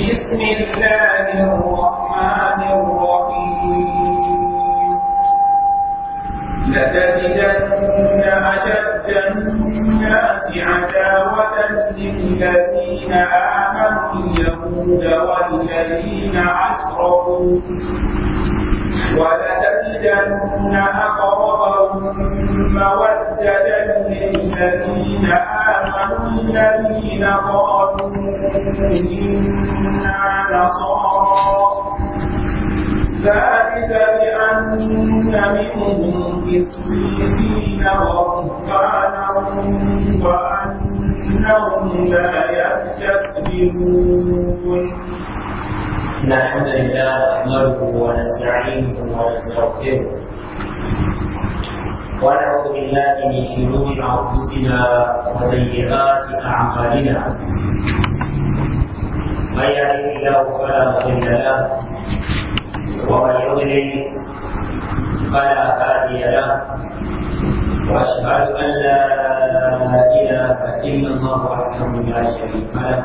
بسم الله الرحمن الرحيم لتجدن أشد الناس عداوة للذين آمنوا اليهود والذين أشركوا ولتجدن أقربهم مودة للذين آمنوا الذين قالوا إنا نصارى ذلك بأن منهم قسيسين ورهبانا وأنهم لا يستكبرون إن الحمد لله نحمده ونستعينه ونستغفره ونعوذ بالله من شرور انفسنا وسيئات اعمالنا من يهد الله فلا مضل له ومن يضلل فلا هادي له واشهد ان لا اله الا الله وحده لا شريك له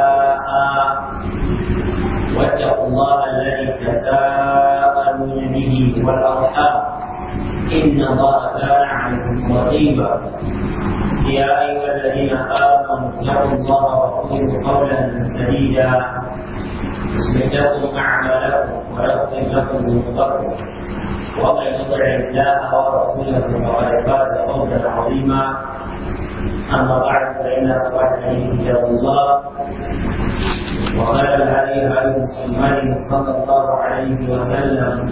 إن الله كان عليكم رقيبا يا أيها الذين آمنوا اتقوا الله وقولوا قولا سديدا يصلح لكم أعمالكم ويغفر لكم ذنوبكم ومن يطع الله ورسوله فقد فاز فوزا عظيما أما بعد فإن أصبح عليه كتاب الله وقال الهدي هدي محمد صلى الله عليه وسلم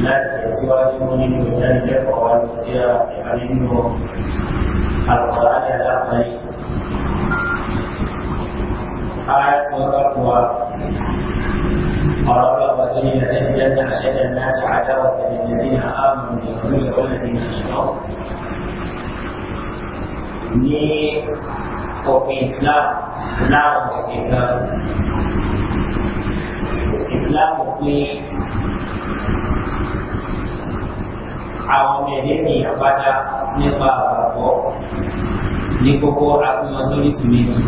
لا سوى المؤمن وذلك والمسيرة يعلمه القرآن الأقل آية التقوى قرار الرجل لتجدن أشد الناس عداوة للذين آمنوا بالكفر والذين أشركوا ni kopi Islam nao katika Islam ni àwọn ọmọ ẹ̀dẹ́ ní àpáta nípa àpapọ̀ ní kókó akúmọ̀sórí sìmẹ́ntì.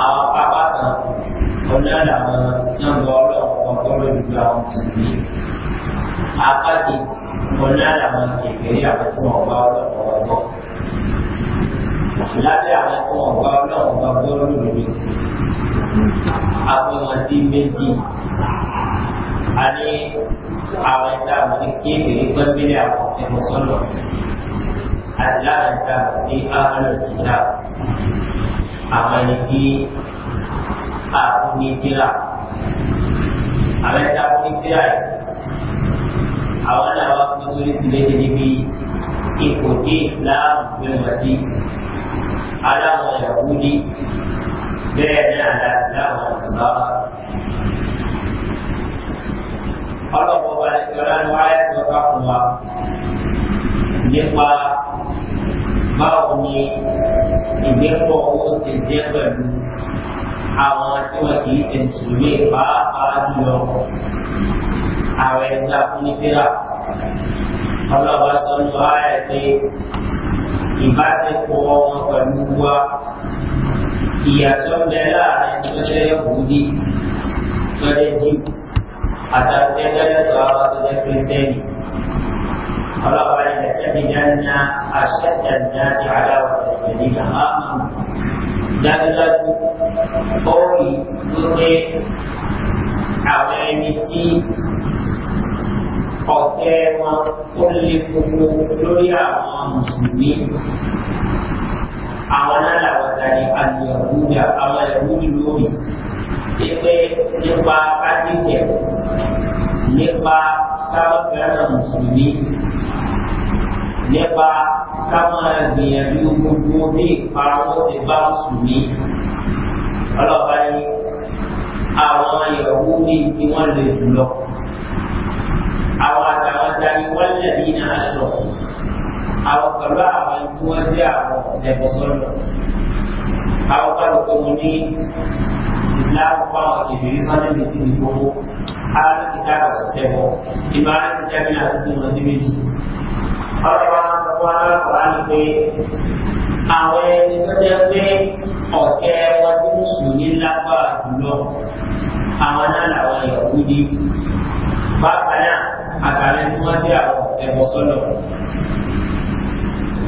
Àwọn pápá kan ọ̀nà làwọn náà ń bọ ọlọ́run ọkọ̀ lójú àwọn tìmí. Apá kejì ọ̀nà làwọn kékeré àwọn tí wọ́n bá ọlọ́run ọgbọ́. Lábẹ́ àwọn tí wọ́n bá ọlọ́run ọgbọ́ lójú àpéwọ̀n sí méjì. A ní àwọn ìsìlámù ní kéèké gbẹ́gbẹ́lé àkọsí mùsùlùmù àti láàrin ìsìlámù sí áhùlù ìjà àwọn ẹni tí àkú ní jíra àwọn ẹni tí àkú ní jíra yìí àwọn náà wá kú sórí sílé ti níbi ipò tí ìsìlámù gbé ọlọ́pọ̀ ìrànú ayé tí wọ́n bá fún wa nípa báwo ni ìgbẹ́pọ̀ owó ṣe jẹ́ pẹ̀lú àwọn tí wọ́n kì ṣe tùlé pàápàá jùlọ ààrẹ ńlá fún nítìrà ọlọ́pàá sọ ní ayé pé ìbáṣepọ̀ wọn pẹ̀lú wa ìyàtọ̀ ń láàrin tó jẹ́ yọkùnrin tó jẹ́ àtàwọn ẹgbẹ́ lẹ́sọ̀ àwọn tó jẹ́ kírísítẹ́nì ọlọ́pàá ilẹ̀ tẹ́lẹ̀ jẹ́nà àṣẹ́tẹ̀ náà sí aláwọ̀ ẹ̀jẹ̀ ní àmọ́ dájúdájú ó rí wípé àwọn ẹni tí ọ̀tẹ́ wọn ó lè gbogbo lórí àwọn mùsùlùmí àwọn aláwọ̀ tani àti lórí ipe nípa kájíjẹ nípa káwọn fẹ́ràn mùsùlùmí nípa káwọn gbìyànjú gbogbo bí ìparun ti bá mùsùlùmí ọlọ́ba ní àwọn ìyàwó ní tí wọ́n lè jùlọ àwọn àtàwọn darí wọ́n lè ní aṣọ àwọn pẹ̀lú àwọn tí wọ́n jẹ́ àwọn ẹ̀bùsọ́lọ̀ àwọn kálukú mu ní islam fún àwọn kìfìrí sọ́dọ̀ ní ti ìgbòho àwọn kìtà àwọn sẹ́wọ̀ ìgbà àwọn kìtà bí náà tuntun wọn sí méjì. ọ̀rọ̀ wa sọ fún alákọ̀ọ́ àná pé àwọn ẹni tó jẹ́ pé ọ̀tẹ́ wọn ti mùsùlùmí lágbára jùlọ àwọn náà làwọn ìyàwó di bákan náà àtàlẹ́ tí wọ́n jẹ́ àwọn ọ̀tẹ́ bọ́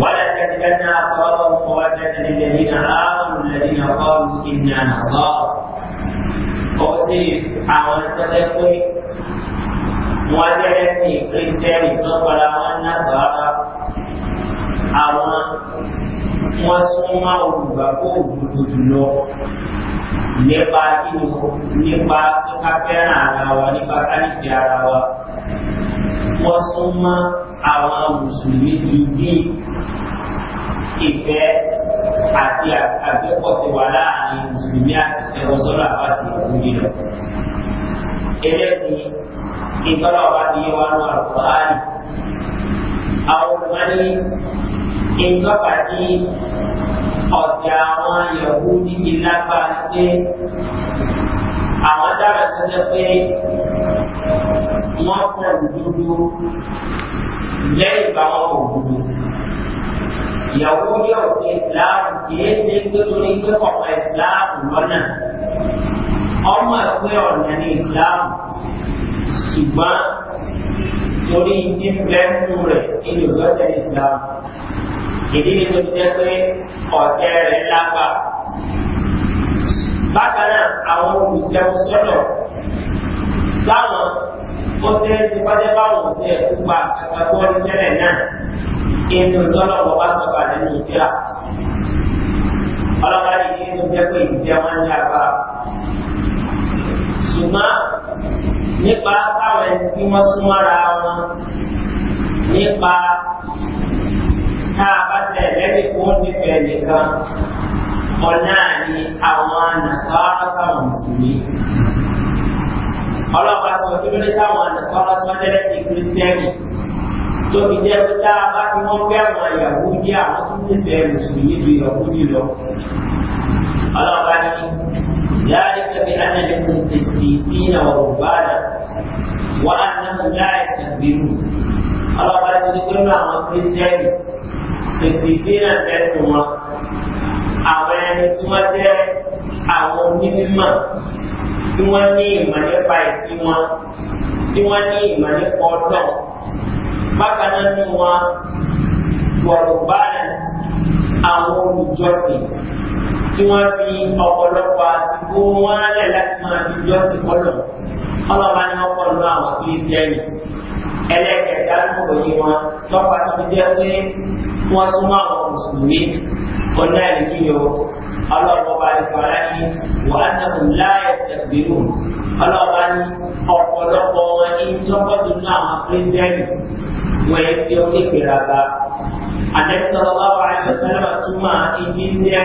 wọ́n lẹ́ وسلكنا اثارهم مودة للذين امنوا الذين قالوا انا نصارى وسيف àwọn tẹ́lẹ̀ pé wọ́n jẹ́rẹ́ sí kírísítẹ́nì tó kọ́ra wọn ná sọ́ra àwọn wọ́n súnmọ́ olùgbàgbọ́ òdodo jùlọ nípa kíni nípa kíka fẹ́ràn ara wa nípa kálífì ara wa wọ́n súnmọ́ àwọn mùsùlùmí ju bí ìfẹ́ àti àgbẹ̀pọ̀sí wà láàrin mùsùlùmí àti ìṣẹ̀wọ̀sọ́nà àbáṣe ìwúrí lọ. Eléyìí ni ìtọ́lá wa ní wa ní àlùkòhánì. Àwọn olùmọ̀ ní ìtọ́ka tí ọ̀tí àwọn Yahoo níbi lágbára pé àwọn dára tó jẹ́ pé wọ́n pọ̀ dúdú lẹ́yìn bá wọn kò dúdú. Yahudi ìyàwó ní ọ̀sẹ̀ ìsìláàmù kìí ṣe nítorí pé ọ̀pọ̀ ìsìláàmù lọ́nà ọmọ ẹgbẹ́ ọ̀nà ní ìsìláàmù ṣùgbọ́n torí ti bẹ́ẹ̀kú rẹ̀ nínú ìgbọ́sẹ̀ ìsìláàmù ìdí ni tó ti jẹ́ pé ọ̀tẹ̀ rẹ̀ lágbà bákan náà àwọn olùsẹ̀wọ̀sọ̀lọ̀ sáwọn bọ́sẹ̀ ti wájẹ́ báwọn ọ̀sẹ̀ ìgbà àgbàgbọ́ ní tẹ́lẹ̀ náà inú tọ́lọ̀pọ̀ bá sọ̀kà nínú ìjìrà ọlọ́pàá yìí kí inú jẹ́ pé ìjẹ́ wọn ní agbára ṣùgbọ́n nípa táwọn ẹni tí wọ́n súnmọ́ ara wọn nípa tá a bá tẹ̀ lẹ́yìn kó nífẹ̀ẹ́ nìkan ọ̀nà ni àwọn nàṣàrà sáwọn mùsùlùmí ọlọ́pàá sọ kí ló táwọn àdàsọ́rọ́ tí wọ́n tẹ́lẹ̀ sí kírísítẹ́nì tó fi jẹ́ pé tá a bá fi wọ́n fẹ́ àwọn ìyàwó jẹ́ àwọn tó ń fẹ́ mùsùlùmí ju ìyàwó yìí lọ. ọlọ́pàá ní yáàrí kẹfì ánàlẹ́kùn kìsì sí ìnáwó rúbáàdà wọ́n á náwó láì sàgbérù. ọlọ́pàá ti ní pẹ́lú àwọn kírísítẹ́nì kìsì sí náà fẹ́ẹ́ wọn. àwọn ẹni tí wọ́n jẹ́ àwọn onímọ̀ tí wọ́n ní ìmọ̀ nípa ìsìn wọn tí wọ́n ní ìmọ̀ nípa ọdún bákan náà ní wọn wọ̀rọ̀ báyìí àwọn olùjọsìn tí wọ́n fi ọ̀pọ̀lọpọ̀ àtìkú wọn lẹ̀ láti máa fi jọ́sìn fọ́lọ̀ ọlọ́ba ni wọ́n pọ̀ lọ àwọn kìrìsìtẹ́nì ẹlẹ́kẹ̀ẹ́ta ló wọ̀ yí wọn lọ́pàá tó fi jẹ́ pé wọ́n súnmọ́ àwọn mùsùlùmí ọ̀nà ìdíyọ ọlọ́ọ̀bọ̀bà ìfàlá ní wàhánàmù láyé tẹ̀gbìrù ọlọ́ọ̀bá ní ọ̀pọ̀lọpọ̀ wọn ní tọ́gbọ́dún náà àwọn kírísítẹ́nì wọ́n yẹ ti onígbèrágà àtẹ́sọ̀rọ̀ bá wà ní sọ́sẹ́lẹ̀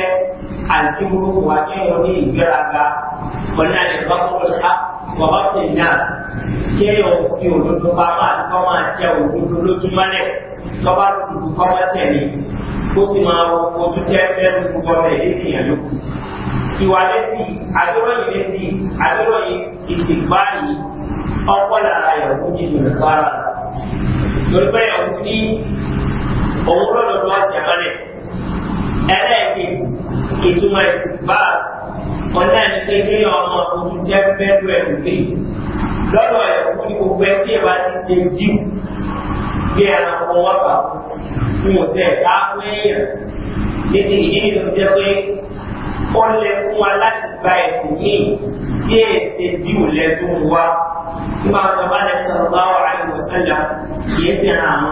alkibru wa kéèyàn ní ìgbéraga wọn náà lè bá kọ́kọ́ ká bàbá tèmi náà kéèyàn fi òdodo bá wà kọ́ máa jẹ òdodo lójúmọ́lẹ̀ lọ́ba dùdú kọ́ máa tẹ̀lé ó sì máa wọ ojú tẹ́tẹ́ gbogbo ọmọ èdè nìyẹn ló kù. ìwà létí àdúróyìn létí àdúróyìn ìsìnbáyì ọ̀pọ̀ lára ìyàwó jíjù ní sára lórí pé ìyàwó ní òwúrọ̀ lọ́dún àti àmàlẹ̀ ẹlẹ́ẹ̀kejì ìtumọ̀ ìtìpá wọn náà ní pé kí ọmọ ojú jẹ́ bẹ́ẹ̀rù ẹ̀rù gbé lọ́dọ̀ ẹ̀kú ní gbogbo ẹ̀ tí ìwà ti ṣe jí bí ẹranko wọn bá fún un tẹ̀ ká fún èèyàn ní ìdí tó jẹ́ pé ó lẹ fún wa láti gba ẹ̀sìn yìí tí èsè jí ò lẹ tó ń wá nígbà bá lẹ ti ìran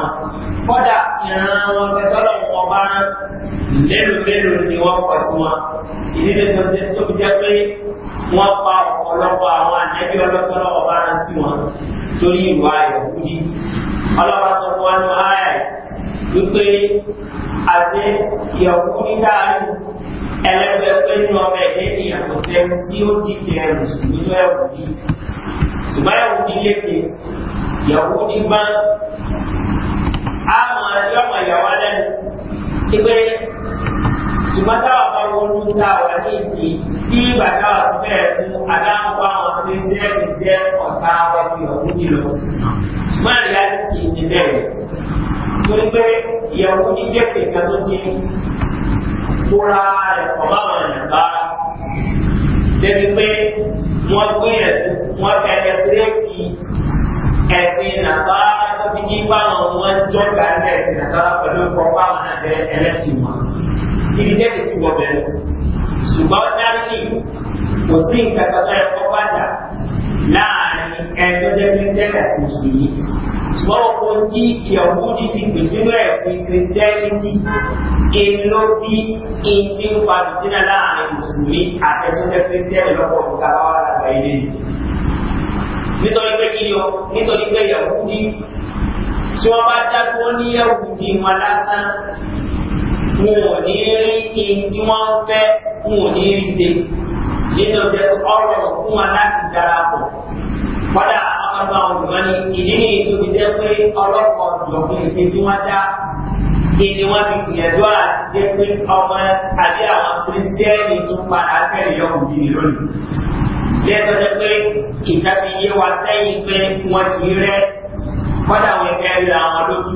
wọn fẹ́ tọ́lọ̀ mélòó mélòó ni wọ́n pọ̀ sí wọn ìdílé tó ṣe tó fi jẹ́ pé wọ́n pa ọ̀pọ̀lọpọ̀ àwọn ànẹ́bí ọlọ́tọ́lọ́ ọba rán sí wọn torí ìwà ìyàwó yìí ọlọ́wà sọ fún wa ní ayà wípé àti ìyàwó níta ẹlẹ́gbẹ́ pé nínú ọmọ ẹ̀dẹ́ ni àkọsẹ́ tí ó di ti ẹrù ṣùgbọ́n tó ẹ̀wù yìí ṣùgbọ́n ẹ̀wù yìí léke ìyàwó ní gbọ́n á mọ̀ ẹjọ́ mọ̀ ìyàwó lẹ́nu pé ṣùgbọ́n táwọn bá wọnú tá a wà ní ìsìn kí bàtà ọ̀sẹ̀ mú adáhùn àwọn tó ń jẹ́ ìjẹ́ ọ̀tá ẹbí ọ̀hún jùlọ. ṣùgbọ́n àríyá ti kì í ṣe bẹ́ẹ̀ torí pé ìyàwó jíjẹ́ kẹ̀kẹ́ tó ti kóra rẹ̀ ọ̀bá àwọn ènìyàn sára débi pé wọ́n gbé ẹ̀sìn wọ́n tẹ̀lé tirẹ́ẹ̀kì ẹ̀sìn nàbàrà tó fi kí báwọn wọn jọ gba ẹ̀sìn nàbàrà pẹ̀lú kọ́pá wọn àti ẹlẹ́sìn wọn. Ibi jẹ́ kìí wọ bẹ̀rẹ̀. Ṣùgbọ́n dání kò sí nǹkan kan tó yẹ kó pàtà láàrin ẹgbẹ́ jẹ́ kírísítẹ́nì àti mùsùlùmí. Ṣùgbọ́n oko tí ìyàwó ti ti pè sínú ẹ̀sìn kírísítẹ́nìtì ìlú bí ìtì ń pa bìtínà láàrin mùsùlùmí àti ẹgbẹ́ jẹ́ kírísítẹ́nì lọ́pọ̀ òkúta wà lágbàáyé lẹ́yìn nítorí pé kí ni o nítorí pé yahudi tí wọ́n bá dákúrò ní yahudi wọn lásán wọn ò ní rí ní tí wọ́n fẹ́ wọn ò ní rí ṣe nínú jẹ́ ọ̀rọ̀ fún wọn láti darapọ̀ kọ́dà ọmọdé àwọn olùmọ́ni ìdí ní ìtòbi jẹ́ pé ọlọ́pàá ọ̀jọ̀gbìn ìpín tí wọ́n dá ìní wọn fi gbìyànjú àti jẹ́ pé ọmọ àbí àwọn kìrìsìtẹ́nì tún padà tẹ̀lé ọkùnrin lónìí lẹ́tọ́ jẹ́ pé ìjáde yé wa sẹ́yìn pé wọ́n ti rẹ́ kọ́dà wọn ẹ̀rí àwọn lójú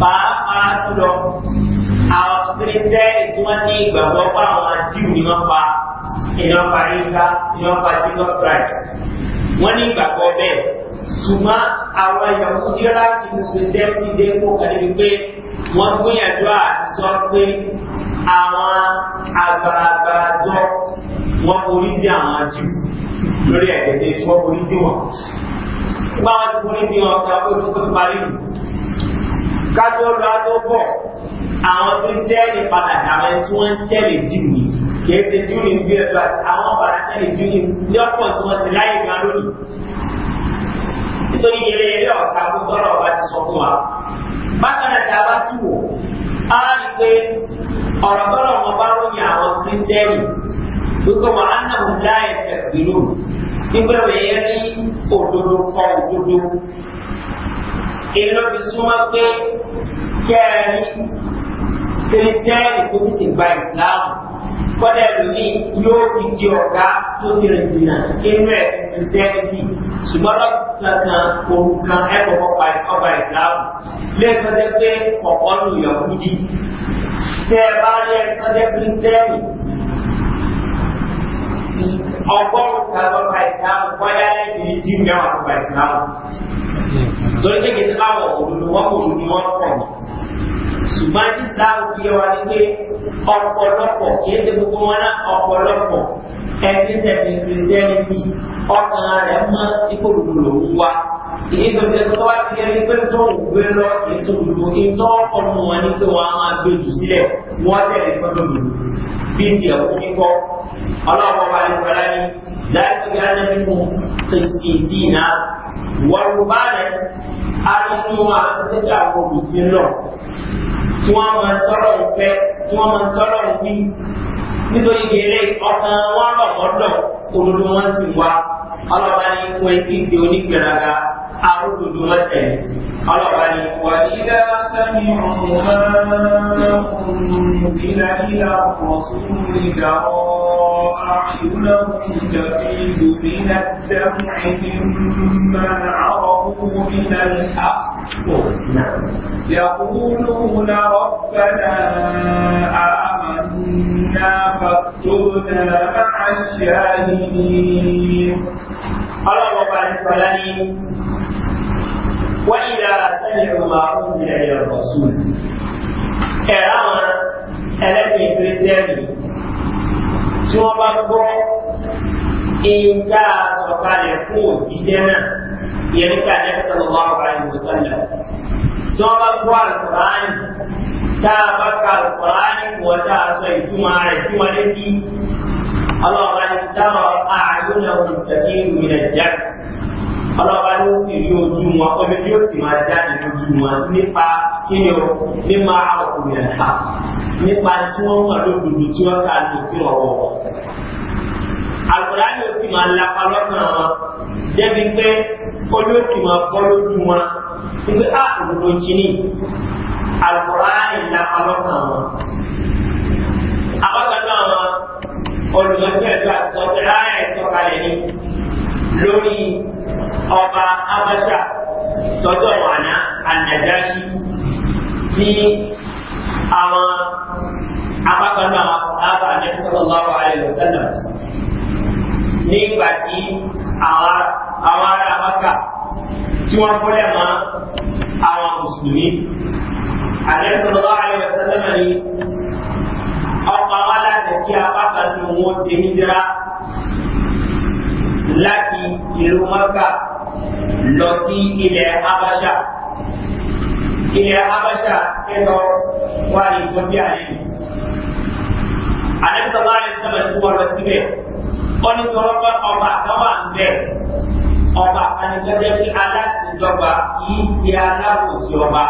pàápàá lọ àwọn kírísítẹ́ẹ̀lì tí wọ́n ní ìgbàgbọ́ pa àwọn jíù ni wọ́n pa iná pa yíká iná pa jesus christ wọ́n ní ìgbàgbọ́ bẹ́ẹ̀ ṣùgbọ́n àwọn ìyàwó yóò láti mú kírísítẹ́ẹ̀lì dé kó kàdé pé wọ́n gbìyànjú àti sọ pé àwọn àgbààgbà jọ wọ́n forí jẹ́ àwọn ajú lórí ẹ̀jẹ̀ tí wọ́n forí jẹ́ wọn. Nígbà wọn ti forí jẹ́ wọn ọ̀gá pé tó tó parí nù. Kájọ lọ adó bọ̀, àwọn kírísítẹ́nì padà àwọn tí wọ́n ń tẹ̀lé jù ní. Kìí ṣe jù ní bí ẹ̀dọ́ àti àwọn padà tẹ̀lé jù ní ní ọ̀pọ̀ tí wọ́n ti láyé gan lónìí. Nítorí eré eré ọ̀tá kó tọ́lọ̀ ọba ti sọ fún wa. Bákan náà ta bá sì wò, á rí pé ọ̀rọ̀ tọ́lọ̀ wọn bá ròyìn àwọn kírísítẹ́nì lókè wọn anahu láyé tẹ̀sílù nígbà wẹ̀yẹ ní òdodo kọ òdodo ìlọ́bi súnmọ́ pé kẹ́ẹ̀rí kìrìsìtẹ́nì tó ti ti gba ìsìláàmù kọ́dà ẹlòmí yóò fi di ọ̀gá tó ti rìn jìnnà inú ẹ̀ kìrìsìtẹ́nì ṣùgbọ́n lọ́sàn kan òun kan ẹ̀kọ́ ọba ọba ìsìláàmù lẹ́sọ̀ jẹ́ pé ọ̀pọ̀ nù yọ̀kú jí tẹ́ ẹ bá yẹ sọ́jẹ́ kìrìsìtẹ́nì ọgọ́rùn-ún kan lọ ka ìsìlámù kọjá lẹ́yìn jí mẹ́wàá lọ ka ìsìlámù. torí pé kìí sábà òdodo wọn kò ní wọn pọ̀ ní. ṣùgbọ́n tí ìsìlámù fi yẹ wa ni pé ọ̀pọ̀lọpọ̀ kìí ṣe gbogbo wọn náà ọ̀pọ̀lọpọ̀ ẹni sẹ̀sìn kìrìsìtẹ́nìtì ọkàn rẹ̀ mọ́ ikú òdodo lòún wá ìyẹn tó tẹ tó wá ti ẹni pé tó ń gbé lọ ètò òdodo ìtọ́ ọmọ wọn ni pé wọn á máa gbé jù sílẹ̀ wọn tẹ̀lé fọ́tò òdodo bí ti ẹ̀kú kíkọ́ ọlọ́pàá wa ní kọ́lá ní láti gbé ẹni nínú kìsìsì náà wọ́n bá rẹ̀ arínú àtẹ́tẹ́ àwọn olùsìn náà tí wọ́n máa ń tọ́rọ̀ ìfẹ́ tí wọ́n máa ń tọ́rọ̀ ìwí nítorí ìdílé ọ̀sán wọn lọ̀kọ́dọ̀ olódó wọn sì wá ọlọ́ba ní kó etí ti onígbèrágà arúgbòdó wọn tẹ̀lé ọlọ́ba ní. wàlídà sẹ́mi ọ̀hún máa ń bílà ìlà ọ̀sùn ìjà إنا فاكتبنا مع الشاهدين الله بعد فلان وإذا سمعوا ما أنزل إلى الرسول إعلام الذي في الجامع ثم بكر إن كاس وقال يكون في سنة ينكى النبي صلى الله عليه وسلم tí wọ́n bá kó àlùkùránì tá a bá ka àlùkùránì wọ tá a sọ ìtumọ̀ rẹ̀ sí wọn létí ọlọ́ọ̀bá ní táwọn àyùnà òǹtẹ̀kí ìrìnà jẹ́ ọlọ́ọ̀bá ní ó sì rí ojú wọn omi yóò sì máa jáde lójú wọn nípa kíni o nípa ọkùnrin ẹ̀ka nípa tí wọ́n wà lódodo tí wọ́n ká lò tí wọ́n wọ̀ àlùkùránì ó sì máa lapa lọ́kàn wọn débi pé ọjọ́ sì máa bọ́ lójú wọn wípé ah, a òdodo kìíní alukóraani lápá lọ́kàn wọn. àbájáde àwọn olùmọ̀tẹ́ẹ̀dọ́ àti láyà ah, ìsọ̀kalẹ̀ ni lórí ọba abáṣà tọ́jọ́ wàná ànàjáṣí tí àwọn apákanáà àwọn sọ̀rọ̀ àti sọ̀rọ̀ lọ́wọ́ àìlọ́sẹ̀lẹ̀ nígbà tí àwọn àwọn ará maka tí wọ́n fọ́lẹ̀ mọ́ àwọn mùsùlùmí. Àlẹ́ sọ̀rọ̀ àyè ọ̀sẹ̀lẹ̀mọ̀ ni ọ̀pọ̀ àwọn aláṣẹ tí a bá kan ní owó ṣe hijira láti ìlú maka lọ sí ilẹ̀ Habasha. Ilẹ̀ Habasha ẹ̀sọ́ wà ní ìtọ́jú àlẹ́. Àlẹ́ sọ̀rọ̀ àyè wọ́n lọ síbẹ̀ wọ́n ní tọ́rọ́ bá ọba àtọ́wà ń bẹ̀ ọba àtàníjọ́jọ́ bí aláṣẹjọba yìí ṣe aláwòsí ọba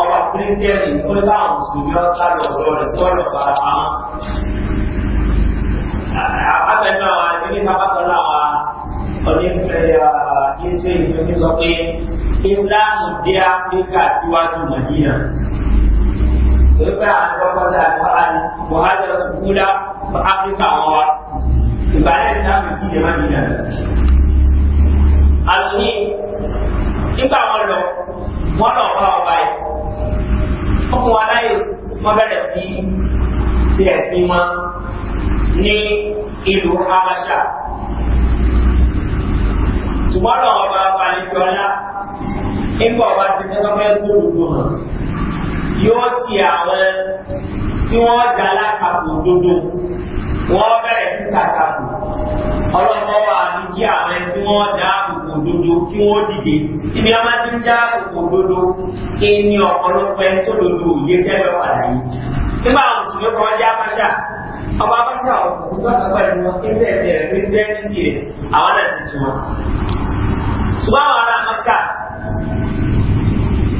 ọba kírísítẹ́nì ó ní báwọn mùsùlùmí ọ̀sán lọ́dọ̀ rẹ̀ tọ́lọ̀ bára wọn. àbábẹ́nà àdílé bàbáṣọ́lá wa onífẹ̀ẹ́ ìṣèṣin sọ pé islam dé áfíríkà síwájú mọ̀dínà sai ba a rabar da alfahari muhajirar su kula ba afirka mawa ibadan ta mutu da madina aluni nígbà wọn lọ wọn lọ bá ọba yìí ọkùnrin wa láyé wọn bẹ̀rẹ̀ sí sí ẹ̀sìn wọn ní ìlú habasha ṣùgbọ́n lọ́wọ́ balẹ̀ jọlá nígbà ọba ti tẹ́tọ́ fẹ́ gbóòdù hàn yóò ti àwọn tí wọ́n dá alákàbò dodo wọ́n bẹ̀rẹ̀ sí sàkàbò ọlọ́pàá wà ní kí àwọn tí wọ́n dá àbùkù dodo kí wọ́n dìde ibi a máa ti ń dá àbùkù dodo ẹni ọ̀pọ̀lọpọ̀ ẹni tó dodo òye tẹ́lẹ̀ padà yìí nígbà àwọn mùsùlùmí kan jẹ́ apáṣà ọba apáṣà ọ̀pọ̀ tó àkàkọ́ ẹni wọn kí ń tẹ̀ tẹ̀ rẹ̀ ń tẹ́ ní tiẹ̀ àwọn náà ti tún wọn. ṣùgbọ́n àwọn ará mọ́kà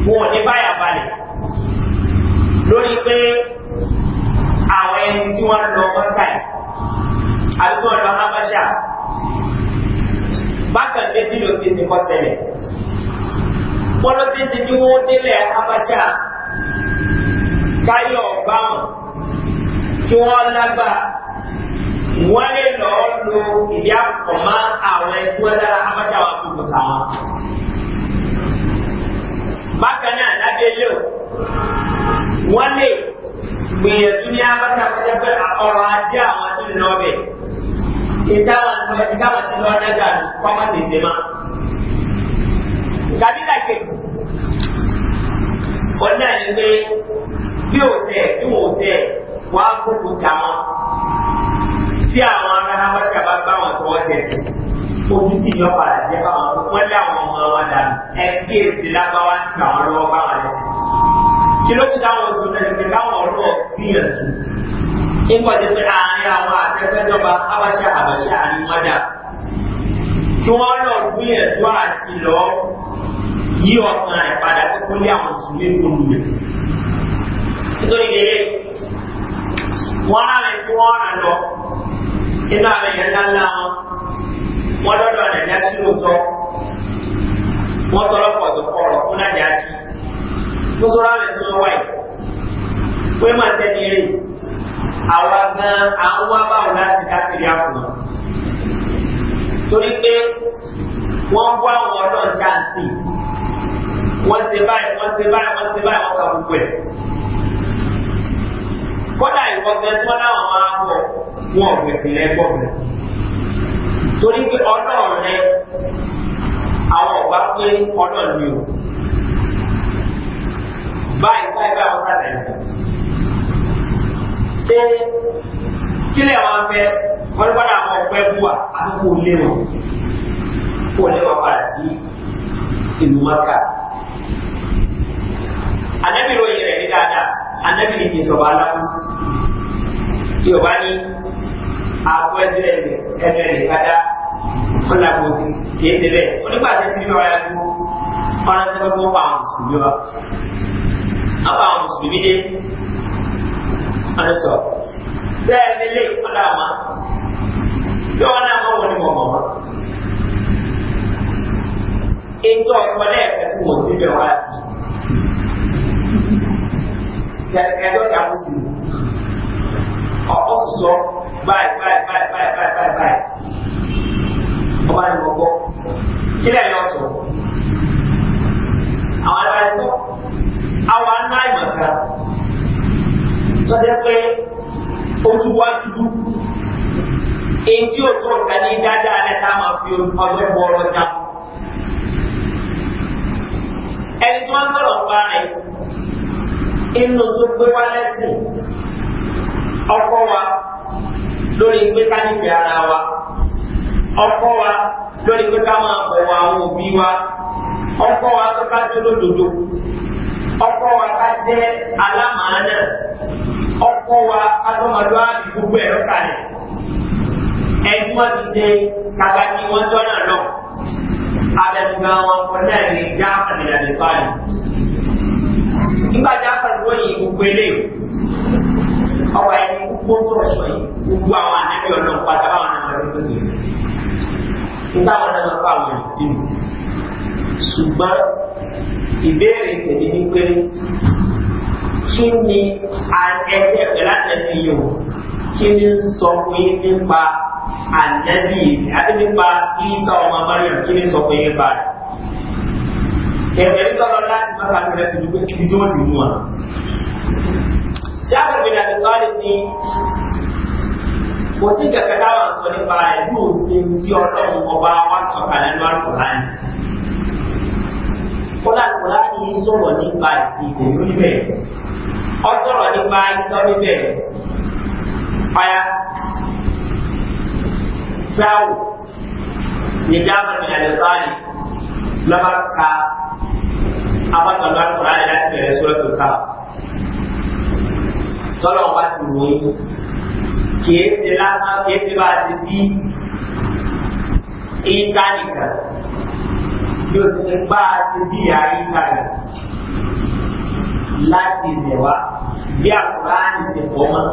wọn ò ní báyà balẹ̀ lórí pé àwọn ẹni tí wọ́n lọ mọ́tà yìí àti wọ́n lọ abáṣà bákan méjì ló ti ti kọ́ tẹ̀lẹ̀ pọ́lọ́tì ti ní wọ́n délẹ̀ abáṣà káyọ̀ ọ̀gbáwọn kí wọ́n lágbàá wọ́n lè lọ lo ìyá ọ̀má àwọn ẹtí wọ́n dára abáṣà wa tó kùtà wọn. bákan náà lábẹ́ ilé o wọ́n lè gbìyànjú ní abájáfẹ́jẹ́ pé ọrọ̀ ajé àwọn tó lọ bẹ̀. ìtàwọn ìtàwọn ti lọ dájà kọ́mọ tètè máa. kàdídà kejì wọ́n náà ní pé bí ò tẹ̀ bí wò tẹ̀ wọ́n á gbógun tà wọ́n. tí àwọn aráàlú bá ṣàbá bá wọn tó wọ́n ojú tí yọ padà jẹ́ báwọn wọ́n lé àwọn ọmọ wọn dànù ẹ̀ kí èsì lábáwá ń gbà wọ́n lọ́wọ́ báwọn lẹ́sìn kí ló ti dáwọn ojú náà ní káwọn ọlọ́wọ́ gbìyànjú nípa ti pé àárín àwọn àtẹ́fẹ́jọba abáṣẹ́ àbáṣẹ́ àríwájà kí wọ́n lọ gbìyànjú àti lọ yí ọkàn rẹ̀ padà tó kún lé àwọn ìṣúlẹ̀ tó ń lè. nítorí gẹ́gẹ́ wọ́n láàrin tí wọ́n rà lọ nínú àwọn èèyàn ńláńlá wọn wọ́n lọ́dọ̀ nàìjíríà sí lóòótọ́ wọ́n sọ lọ́pọ̀ tó kọ̀ ọ̀rọ̀ fún nàìjíríà sí i tó sọ rárẹ̀ tó lọ wáyé pé máa tẹ́ni rí àwa gan àwọn wá báwọn láti káàkiri àfọ̀nà torí pé wọ́n bọ́ àwọn ọlọ́run jáǹsì wọ́n ṣe báyìí wọ́n ṣe báyìí wọ́n ṣe báyìí wọ́n kà gbogbo ẹ̀ kọ́dà ìwọ gan tí wọ́n láwọn máa bọ̀ wọn ò gbèsè lẹ́gbọ̀n rẹ̀ torí pé ọlọ́run rẹ̀ àwọn ọ̀gá pé ọlọ́run ni o báyìí báyìí báyìí wọ́n sàlẹ̀ yìí. ṣé kílẹ̀ wọn fẹ́ wọ́n gbọ́dọ̀ àwọn ọ̀pẹ́ bú wa àti kò lé wọn kò lé wọn padà sí ìlú maka. Ànábì ròyìn rẹ̀ ní dáadáa, ànábì ní ti sọ̀rọ̀ aláwùsí. Yorùbá ní àgọ́ ẹ̀dílẹ̀ ẹ̀dẹ̀ rẹ̀ kádá wọ́n là kó sí kéé débẹ̀. Onígbà tí ẹbí mi wáyà dúró, wọ́n á ti fẹ́ kó pa àwọn mùsùlùmí wa àbá mùsùlùmí dé ọ̀nẹ́tọ̀ sẹ́ẹ̀ nílé ọ̀dà àmà tí wọ́n náà mọ̀ wọ́n ní mọ̀ mọ̀ mọ́. Ètò ọ̀pọ̀lẹ́ ẹ̀ka tí wọ́n sì bẹ̀ wá sí. Ẹjọ́ ta kó sí. Ọ̀pọ̀ sọ báyìí báyìí báyìí báyìí báyìí báyìí báyìí. Ọba ni mo gbọ́. Kílẹ̀ yọ sọ. Àwọn ẹ̀ka sọ àwọn aláìmọ̀ maka, tọ́jẹ́ pé ojú wa dúdú èyí tí ó tó nǹkan ní dáadáa lẹ́ta máa fi ọjọ́ bọ ọ̀rọ̀ jà ẹni tí wọ́n sọ̀rọ̀ pa rẹ̀ inú tó gbé wá lẹ́sìn ọkọ wa lórí pé ká nífẹ̀ẹ́ ara wa ọkọ wa lórí pé ká máa bọ̀wọ̀ àwọn òbí wa ọkọ wa tó ká tó lódodo. ọkọwa wa ká jẹ́ alámàánà ọkọwa wa adọ́mọdọ́ ẹrọ gbogbo ẹ̀rọ kalẹ̀ ẹni ti abẹnugan wọn kọ náà ní jáfà nílànà ìpàdé nígbà jáfà ló gbogbo eléyìí ọwọ́ ẹni gbogbo tó ọ̀ṣọ́ yìí gbogbo àwọn ànábì ọ̀nà pátá na náà lọ́dún tó yẹ nígbà wọn náà ṣùgbọ́n ìbéèrè tèmi ni pé kí ni ẹgbẹ́ pẹ̀lú àtẹ̀sí yìí o kí ni sọ fún yín nípa ànábì yìí àti nípa ìsà ọmọ mariam kí ni sọ fún yín nípa rẹ̀. ẹ̀rọ ìtọ́lọ láti má kàtó rẹ̀ ti dùgbẹ́ kí ni wọ́n ti mú wa. jáde gbèrè àti sọ́ọ́lì ni kò sí kẹ̀kẹ́ táwọn sọ nípa rẹ̀ yóò ṣe ti ọlọ́run ọba wa sọ̀kalẹ̀ lọ́rùn láti kódà kùránì yìí sọ̀rọ̀ nípa ìdènú níbẹ̀ ọ sọ̀rọ̀ nípa ìtọ́ níbẹ̀ ọ̀ya sáwù nìjáàmù ní àlùfáàlì lọ́ba ká abátọ̀lọ́ kùránì láti bẹ̀rẹ̀ sọ́rọ̀ tó ká tọ́lọ̀ wá ti wò ó kìí ṣe lásán kìí ṣe bá ti bí ìsá yóò ti pé bá a ti bí ààyè kalẹ̀ láti ilẹ̀ wa bí àkùránì ṣe pọ̀ mọ́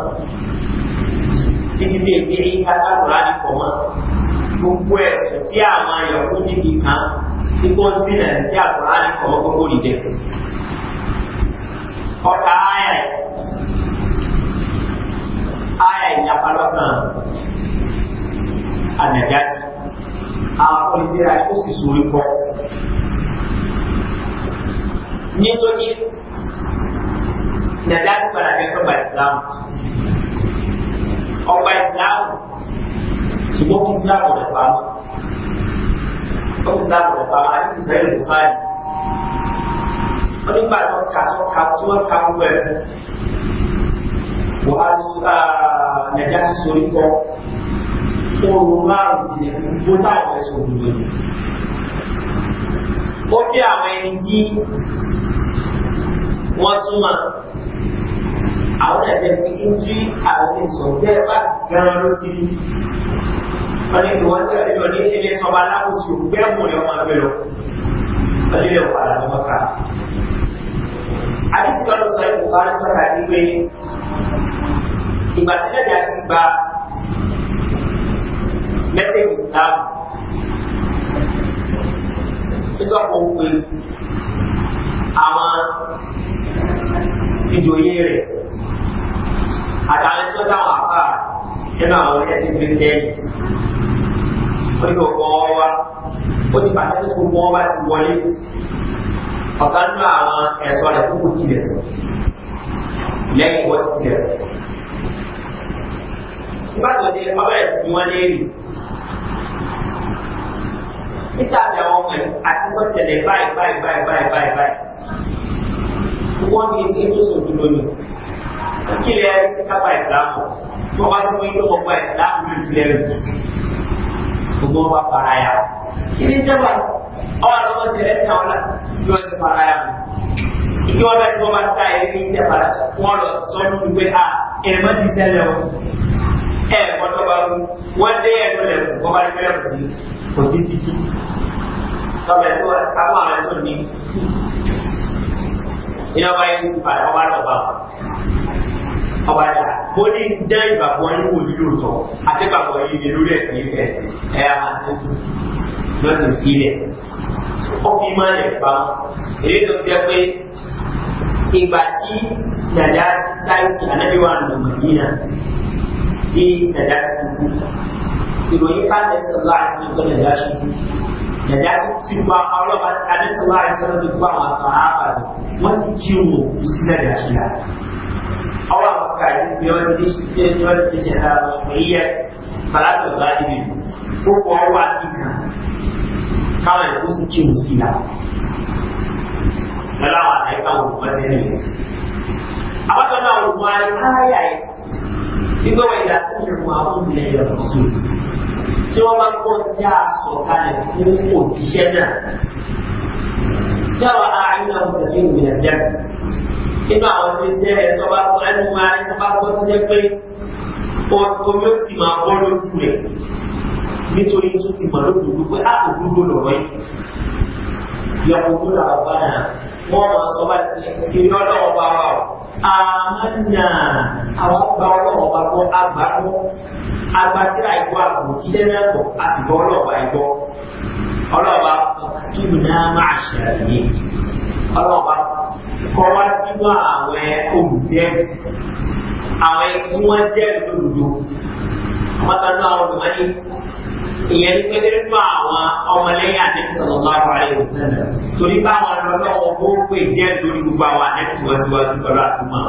títí tí èké ìka àkùránì pọ̀ mọ́ gbogbo ẹ̀sùn tí àwọn àyọ̀kú níbi kan tí kò ń sílẹ̀ tí àkùránì pọ̀ mọ́ gbogbo nìdẹ̀. ọ̀tá ayà ayà ìyapa lọ́kàn ànàjáṣe àkọlùtìrà ó sì sórí kọ. ní sókè nàdá sí padà kẹfẹ́ ọgbà ìsìlámù ọgbà ìsìlámù ṣùgbọ́n kí ìsìlámù rẹ̀ pamọ́ ó ti sáà bọ̀ bá a ti sẹ́yìn lè fà yìí. wọ́n nígbà tó ka tó ka tí wọ́n ka gbogbo ẹ̀ fún. wọ́n á ti nàìjíríà ti sori kọ́ oòrùn márùn-ún jẹ bó táwọn ẹ̀sùn òdodo ni. ó bí àwọn ẹni tí wọ́n súnmọ́ àwọn ẹ̀jẹ̀ pé kí n jí àwọn ìsọ̀ bẹ́ẹ̀ bá gan-an ló ti rí. wọ́n ní ìwọ́n tí wọ́n lọ ní ilé sọba aláwòsí òkú bẹ́ẹ̀ ni wọ́n máa lọ. wọ́n lè lọ padà lọ́wọ́ ká. àdìsí kan ló sọ ìbùkún àti tọ́ka sí pé ìgbà tí na ɗin ta ita kọ̀ọ̀kọ̀ àwọn ìjòyè rẹ̀ àtàlẹ́ tó dáwọn àpá nínú àwọn ẹ̀sìn gbẹ̀gbẹ̀ oníkò kọ́ wa ó ti bàtà tó kó wọ́n bá ti wọlé ọ̀gá nínú àwọn ẹ̀sọ́ rẹ̀ tó kù tilẹ̀ lẹ́yìn wọ́n ti tilẹ̀. Nígbà tó dé ọbẹ̀ ẹ̀sìn níta ni àwọn ọmọ ẹ̀ àti sọ́sẹ̀lẹ̀ báyìí báyìí báyìí báyìí báyìí báyìí. wọ́n ní ní tó sọ dúró ni kí lè ẹ ti kápá ìsìlámù tó wá ní wọ́n yóò wọ́pọ̀ ìsìlámù ní ìpìlẹ̀ rẹ̀ gbogbo wa fara ya kí ni jẹ́ wọn ọ̀rọ̀ lọ́wọ́ jẹ́ ẹ̀ tàwọn náà yóò ti fara ya ìjọ bẹ́ẹ̀ tí wọ́n bá ta ẹ̀ ní ìjẹ́ fara wọn lọ sọ ní pé a ẹ̀ mọ́ ti tẹ́lẹ̀ wọn ẹ̀ mọ́tọ́ bá wọn dé ẹ̀ lọ́lẹ̀ kọ́ bá ní fẹ́rẹ̀ kù kò sí títí sọmọ ẹtọ akọ àwọn ẹtọ ní iná bá yẹ kúkú padà ọba dà ọba ọba dà mo ní dá ìgbàgbọ́ ní wò ní lóòótọ́ àti ìgbàgbọ́ yìí ní lórí ẹ̀sìn yìí fẹ̀sì ẹ̀ á máa ṣe lọ́tò ìpìlẹ̀ ọ̀fi máa lẹ̀ pa èyí tó jẹ́ pé ìgbà tí dàdá sáyẹ̀sì ànábìwá nù mọ̀dínà tí ìròyìn bá tẹ̀sán láàrín sọ́nà tó lè dá sí yàtọ̀ sí gbọ́ ọlọ́ba adéṣọ́lá àìsàn ti gbọ́ àwọn àtàn àbà rẹ̀ wọ́n sì kí wò sílẹ̀ dàṣíyà. ọwọ́ àwọn kàdé bí wọ́n ti ṣe tí wọ́n ti ṣe ara ọ̀ṣun yíyẹ fàlàtọ̀ bá dìbì ó kọ́ ọwọ́ àkíkà káwọn ẹ̀kọ́ sì kí wò sílà. lọ́la àwọn àtàkà wò wọ́n ti rìn. àwọn tó náà wò wọ́n á rí káyà nígbà wọ́n tí wọ́n bá kọjá sọ̀kalẹ̀ fún òjíṣẹ́ náà. Jáwa àárín àwọn tẹ̀lé ìgbìyànjú jẹ́. Nínú àwọn kírísítẹ́rì tó bá kọ́ ẹnu máa ní tó bá kọ́ sí jẹ́ pé omi ó sì máa bọ́ lójú rẹ̀ nítorí tó ti mọ̀ lódodo pé á ah, òdodo lọ̀rọ̀ yìí. Yọ̀kùnkùn làwọn bá náà wọ́n máa sọ bá ìyọ́ lọ́wọ́ bá wà ó. Àmàna àwọn ọba ọlọ́wọ́ bá gbọ́ agbábọ́. Agbátírà ìgbọ́ àbò ṣiṣẹ́ náà bọ̀ a sì gbọ́ ọlọ́ọ̀bá ìgbọ́. Ọlọ́ọ̀bá kìlù náà máa ṣàlàyé. Ọlọ́ọ̀bá kọ́ wá sínú àwọn olùjẹ́. Àwọn tí wọ́n jẹ́ lódodo. Ọmọ tán náà ọlọ́ọ̀bá ní ìyẹn ní pé nínú àwọn ọmọlẹ́yìn àdébísọ̀rọ̀ máa wà lè wò sẹ́lẹ̀ torí báwọn lọ́lọ́wọ́ bó pè jẹ́ lórí gbogbo àwọn àdébísọ̀rọ̀síwájú pẹ̀lú àtúmọ̀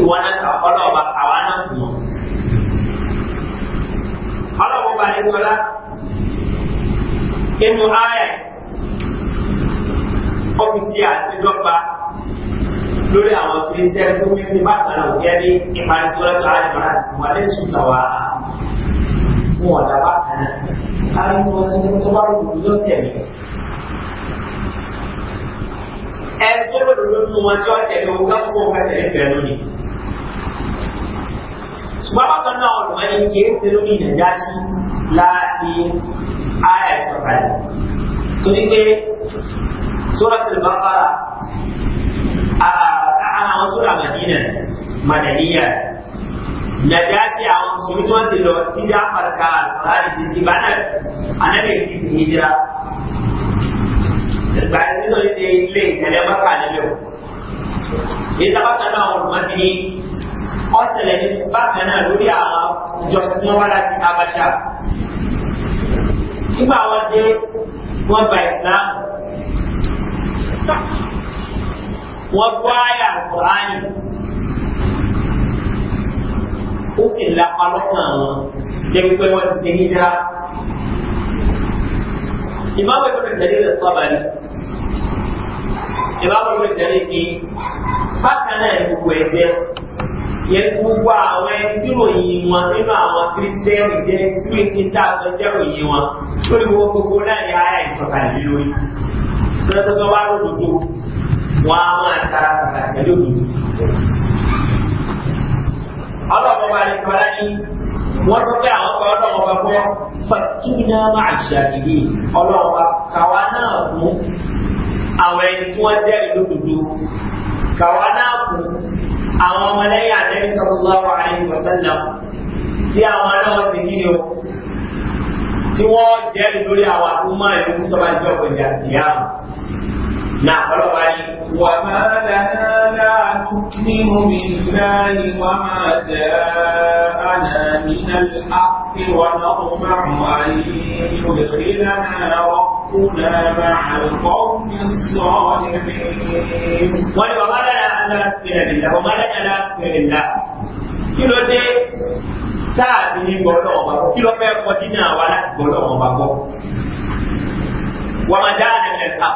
ìwọ náà ọlọ́ọ̀bà àwa náà kù wọn. ọlọ́wọ́ bá ní wọlá inú ayẹ̀ ọ́fíìsì àti dọ́gba lórí àwọn kìrìsìtẹ́nì tó ń fi bàtà náà gẹ́gẹ́ bí ìparí sọ́lá tó àjọ láti wọlé sùn sàwàá wọn ọ̀dà bá kan náà ariwo tuntun tó bá rògbò yóò tẹ̀lé ẹ tó lòdò lórí wọn tí wọn tẹ̀lé wọn gbọ́dọ̀ wọn ká tẹ̀lé bẹ́ẹ̀ lónìí ṣùgbọ́n bákan náà ọ̀dọ̀ wọn ni kì í ṣe lórí nàìjáṣí láti àyà ìsọ̀kalẹ̀ torí pé sóràtì bàbára àwọn sórà màdínà màdàníyà najashi àwọn musulmi tí wọ́n ti lọ tí di ká alfahari sí ti bá náà anábẹ̀ ti fi hijira ìgbà tí wọ́n ti ilé ìtẹ̀lẹ́ mọ́kà lẹ́lẹ́ o ìjọba kan náà wọ́n máa ti ní ọ̀sẹ̀lẹ̀ ní bákan náà lórí àwọn ìjọ tí wọ́n wá láti abáṣà nígbà wọn dé wọ́n gba islam wọ́n gbọ́ àyà àkùránì ó sì lápá lọ́kàn àwọn jẹ́ pé wọ́n ti ṣe níjà. ìmáwé gbọ́dọ̀ tẹ̀lé rẹ̀ sọ́ba ni ìmáwé gbọ́dọ̀ tẹ̀lé kí bákan náà gbogbo ẹ̀jẹ̀ yẹn gbogbo àwọn ẹni tí ròyìn wọn nínú àwọn kírísítẹ́nì jẹ́ kírísítì tá a sọ jẹ́ ròyìn wọn lórí wọn gbogbo náà ní ara ìsọ̀kalẹ̀ lórí lọ́sọ̀tọ̀ wá lódodo wọn a máa tara kàkà tẹ̀lé ọlọ́wọ́ bá rí kọ́lá ní wọ́n sọ pé àwọn kan ọlọ́wọ́ bá kọ́ fàtúnà máa ṣàdìdì ọlọ́wọ́ bá kàwa náà kún àwọn ẹni tí wọ́n jẹ́ ìlú dúdú kàwa náà kún àwọn ọmọlẹ́yìn àdẹ́bí sọ́kùnláwọ̀ àyè wọ́sẹ́lẹ̀ tí àwọn náà ti kí ni o tí wọ́n jẹ́ lórí àwọn àkúmọ̀ ìlú tó bá bá yìí. وما لنا لا تؤمن بالله وما جاءنا من الحق ونطمع أن يدخلنا ربنا مع القوم الصالحين وما لنا لا تؤمن بالله وما لنا لا تؤمن بالله كيلو دي táàbí ní gbọ́dọ̀ ọ̀gbà kọ́ kí ló fẹ́ kọjú náà wá láti gbọ́dọ̀ ọ̀gbà kọ́ wàmàdá àdàlẹ̀ ká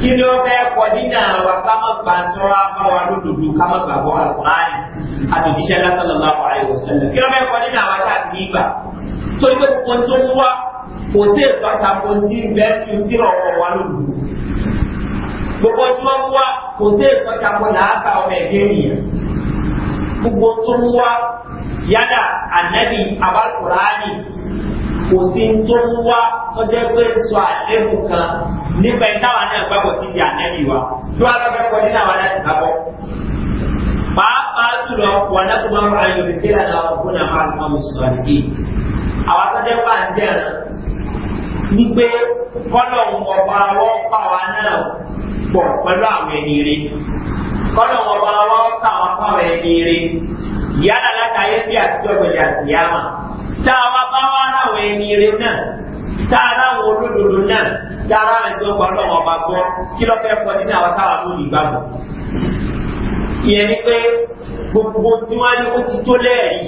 kí ló fẹ́ kọ dínà wa ká má gbà tọ́ra bá wa lódodo ká má gbà bọ́ àlùkùnrin àtòjíṣẹ́ látọ̀lọ́ láwọn àyẹ̀wò sẹ́lẹ̀ kí ló fẹ́ kọ dínà wa ká ní gbà torí pé kò tó ń wá kò sí ètò àtakò tí bẹ́ẹ̀ fi ti ọ̀rọ̀ wa lódodo gbogbo tí wọ́n wá kò sí ètò àtakò làákà ọmọ ẹ̀gẹ́ nìyẹn gbogbo tó ń wá yálà ànẹ́bí abálùkùnrin kò sí tó ń wá tọ́jẹ́ pé sọ àlébù kan nípa ìtawà náà gbàgbọ́ títí ànẹ́bí wa tó alábẹ́ kọ́ nínú àwọn aláti gbàgbọ́. pàápàá jùlọ wọn náà tó máa ń ayọ̀ lè kéde àwọn ọkùnrin náà máa ń mọ sọ̀rọ̀ ní. àwọn tọ́jẹ́ pà ń jẹ́ ẹ̀rọ ní pé kọ́lọ̀ ọ̀pọ̀ àwọn pàwọn náà pọ̀ pẹ̀lú àwọn ènìyàn kọ́nà wọn bá wọ́n kà wọ́n fáwọn ẹni rí yálà látàyé bí àtijọ́ gbẹ̀dẹ̀ àtìyámà tá a wá bá wá láwọn ẹni rí náà tá a láwọn olódodo náà tá a láwọn ẹgbẹ́ ọgbà náà wọn bá gbọ́ kí lọ́ fẹ́ kọ́ nínú àwọn táwọn amúlù ìgbàgbọ́. ìyẹn ni pé gbogbo tí wọ́n ní ó ti tó lẹ́ẹ̀rí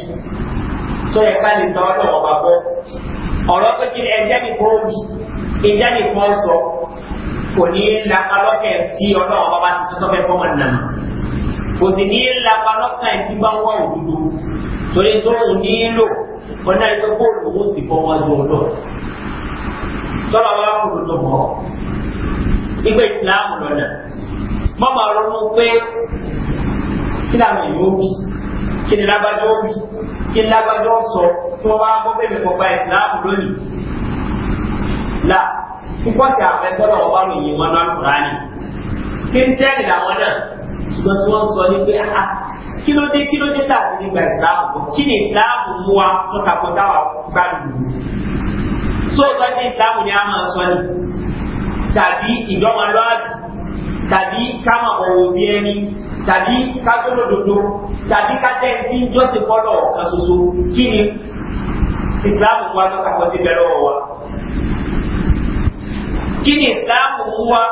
tó yẹ ká lè tọ́ ọlọ́wọ́ bá gbọ́ ọ̀rọ̀ pé kí ni ẹjẹ́ nìkan ó wù ẹjẹ́ nìkan sọ kò ní í lapa lọ́kẹ̀ tí ọlọ́run bá bá ti tún sọ́fẹ́ fọ́mọ nàmà kò sì ní í lapa lọ́kẹ̀ tí bá ń wá òdodo torí tó ń nílò ọ̀nà ìgbẹ́ bóòlù owó sì fọmọ ju ọ̀dọ́ tọ́lá wa kò lòdò mọ́ ìgbẹ́ ìsìláàmù lọ́nà mọ́mọ́ ronú pé kí làwọn èèyàn ó bì kí ni lágbájọ́ ó bì kí ni lágbájọ́ sọ tí wọ́n bá gbọ́ bẹ́ẹ̀ mi kọ́ gba ìsìláàmù lónìí fífọ́tì àwọn ẹ̀tọ́rọ̀ ọba mi yìí wọn náà kúrá ni kírísítẹ́nì làwọn náà ṣùgbọ́n tí wọ́n sọ ní pé a ah, ah, kí ló dé kí ló dé tàbí nígbà ìsìláàmù bọ̀ kí ni ìsìláàmù mú wa tó takò táwa gbà lù ú so ìgbà tí ìsìláàmù ni a máa sọ ni tàbí ìjọmọlúwàbí tàbí káma ọ̀wọ̀ bí ẹni tàbí kájọ́lódodo tàbí kájẹ́ tí ń jọ́sìn fọ́lọ̀ kan ṣoṣo kí ni ìsìláàmù mú wa tó takò kí ni ìsìláàmù mú wa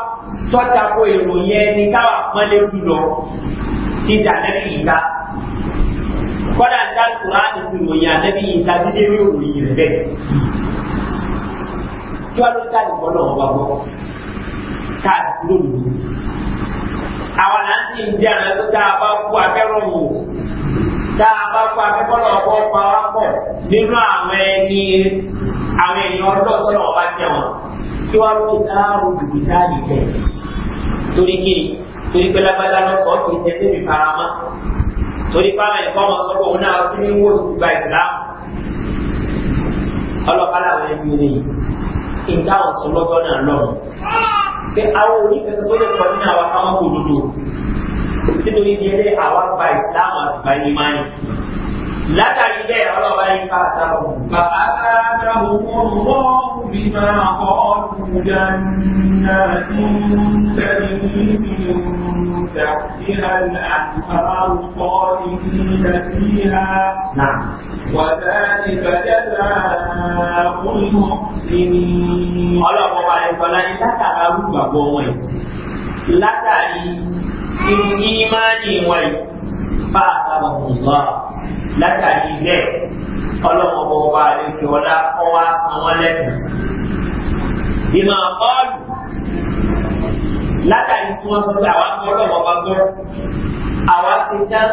tọ́ta ko ìròyìn ẹni káwà pọ́nlé jùlọ ti dànẹ́bí ìta kọ́dà ń dá kùránì fi ròyìn ànẹ́bí ìta dídé ní òròyìn rẹ̀ bẹ́ẹ̀ kí wọ́n ló dá ìbọn náà wà gbọ́ káàdì kúrò lòdì àwọn àǹtí ń jẹ́ àná tó tá a bá kú akẹ́rọ̀ wò tá a bá kú akẹ́kọ̀ọ́ náà kọ́ pa wá pọ̀ nínú àwọn ẹni àwọn ènìyàn ọlọ́ọ̀tọ́ náà kí wàá fi ààrù bùkítà nìkẹ́ torí kiri torí pé lágbádá lọ sọ kì í ṣe ẹgbẹ́ mi fara mọ́ torí pé àwọn ẹ̀kọ́ wọn sọ pé òun náà tún ní wọ́n ti gba ìsìlámù ọlọ́pàá làwọn ẹbí rẹ̀ yìí nǹkan àwọn sọ lọ́jọ́ náà lọ́rùn pé àwọn oníkẹ́kẹ́ tó lè kọ́ nínú àwọn káwọn kò lódò nítorí ti ẹlẹ́ àwọn gba ìsìlámù àti gba ìmáyì látàrí bẹ́ẹ̀ ọlọ́ba yìí bá sábà bá a sábà wọ́n wọ́n bí máa kọ́ ọ̀dùnjà náà ní sẹ́yìn nínú تحتها الأنهار خالدين فيها وذلك جزاء المحسنين ọlọ́pọ̀ bá ẹ̀fọ́ láyé látara rúgbàgbọ́ wọn yìí látàrí ìmọ̀ ìmọ̀ ìwọ̀n yìí bá a sábà látàrí bẹ́ẹ̀ ọlọ́wọ́ bọ̀ wá lókè ọ̀la kọ́ wá san wọ́n lẹ́sìn. ìmọ̀ bọ́ọ̀lù látàrí tí wọ́n sọ pé àwa ń bọ́ lọ́wọ́ bá gbọ́ àwa ti tán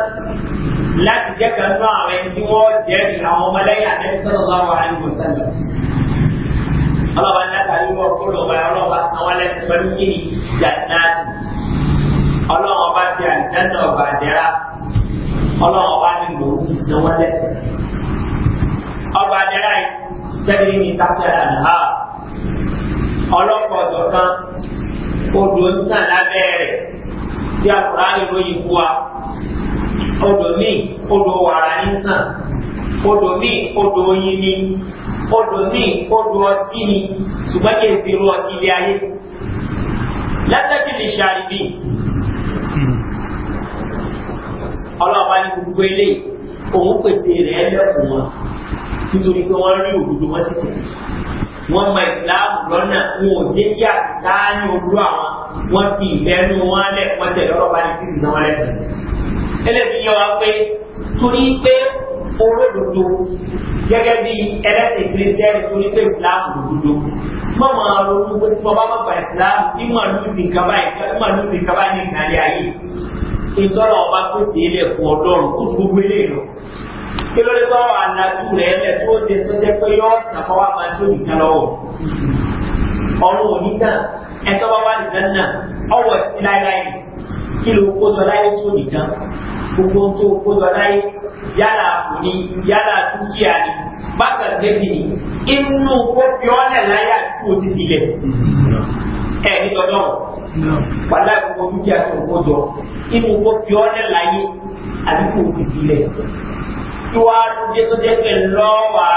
láti jẹ́ kan náà àwọn ẹni tí wọ́n jẹ́ àwọn ọmọlẹ́yìn àtẹ́sí sọ́dọ̀ lọ́wọ́ àdúgbò sẹ́lẹ̀. ọlọ́wọ́ látàrí wọ́n kó lọ́wọ́ ọlọ́wọ́ san wọ́n lẹ́sìn pẹ̀lú kí ni jàdínàtì ọlọ́wọ́ bá ti àdìjẹ́ ọlọ́run ọba ní mò ń sin wọn lẹ́sẹ̀. ọba adẹ́rà yìí sẹ́ni ní sáfẹ́rẹ́ àná ọlọ́pọ̀ ọ̀jọ̀kan odò ń sàn lábẹ́ rẹ̀ tí àkùránì lóyìn fún wa odò míì odò wàrà ní sàn odò míì odò oyin ni odò míì odò ọtí ni ṣùgbọ́n kí èsì irú ọtí ilé ayé látẹ́kìlì ṣàrìbí ọlọ́ọ̀bá ní gbogbo ilé òun pèsè rẹ̀ lẹ́kùn wọn nítorí pé wọ́n rí òdodo wọn títẹ̀ wọ́n mọ ìsìláàmù lọ́nà wọn ò jẹ́ kí àtìká ní olú àwọn wọ́n fi ìfẹ́ nú wọn lẹ̀ wọ́n tẹ̀lé ọlọ́ọ̀bá ní títí sanwó lẹ́sẹ̀ ẹlẹ́bi yẹ wa pé torí pé olódodo gẹ́gẹ́ bí ẹlẹ́sìn kìrìsìtẹ́nì torí pé ìsìláàmù òdodo mọ̀ máa ronú pé tí wọ́n bá má ìtọ́lọ̀ ọba pèsè ilẹ̀ fún ọlọ́run kó gbogbo ilé lọ. kí ló dé tọ́wọ́ ànájú rẹ̀ ẹlẹ̀ tó dé tó jẹ́ pé yọ ọ̀tàkọ́ wa máa tó nìkan lọ́wọ́. ọ̀run òní tán ẹ̀tọ́ bá wà nìkan náà ọwọ́ ti láéláé kí ló kó sọ láyé tó nìkan gbogbo tó kó láyé yálà àpò yálà dúkìá ni bákan méjì ni inú kó fi ọ́lẹ̀ láyé àti kó ẹ níjọ náà wàhálà ìwọ dúkìá tó ń kó jọ inú kó fi ọ́ lẹ́ láyé àbí kò sì fi lẹ̀ tó wá dé tó jẹ́ pé lọ́wọ́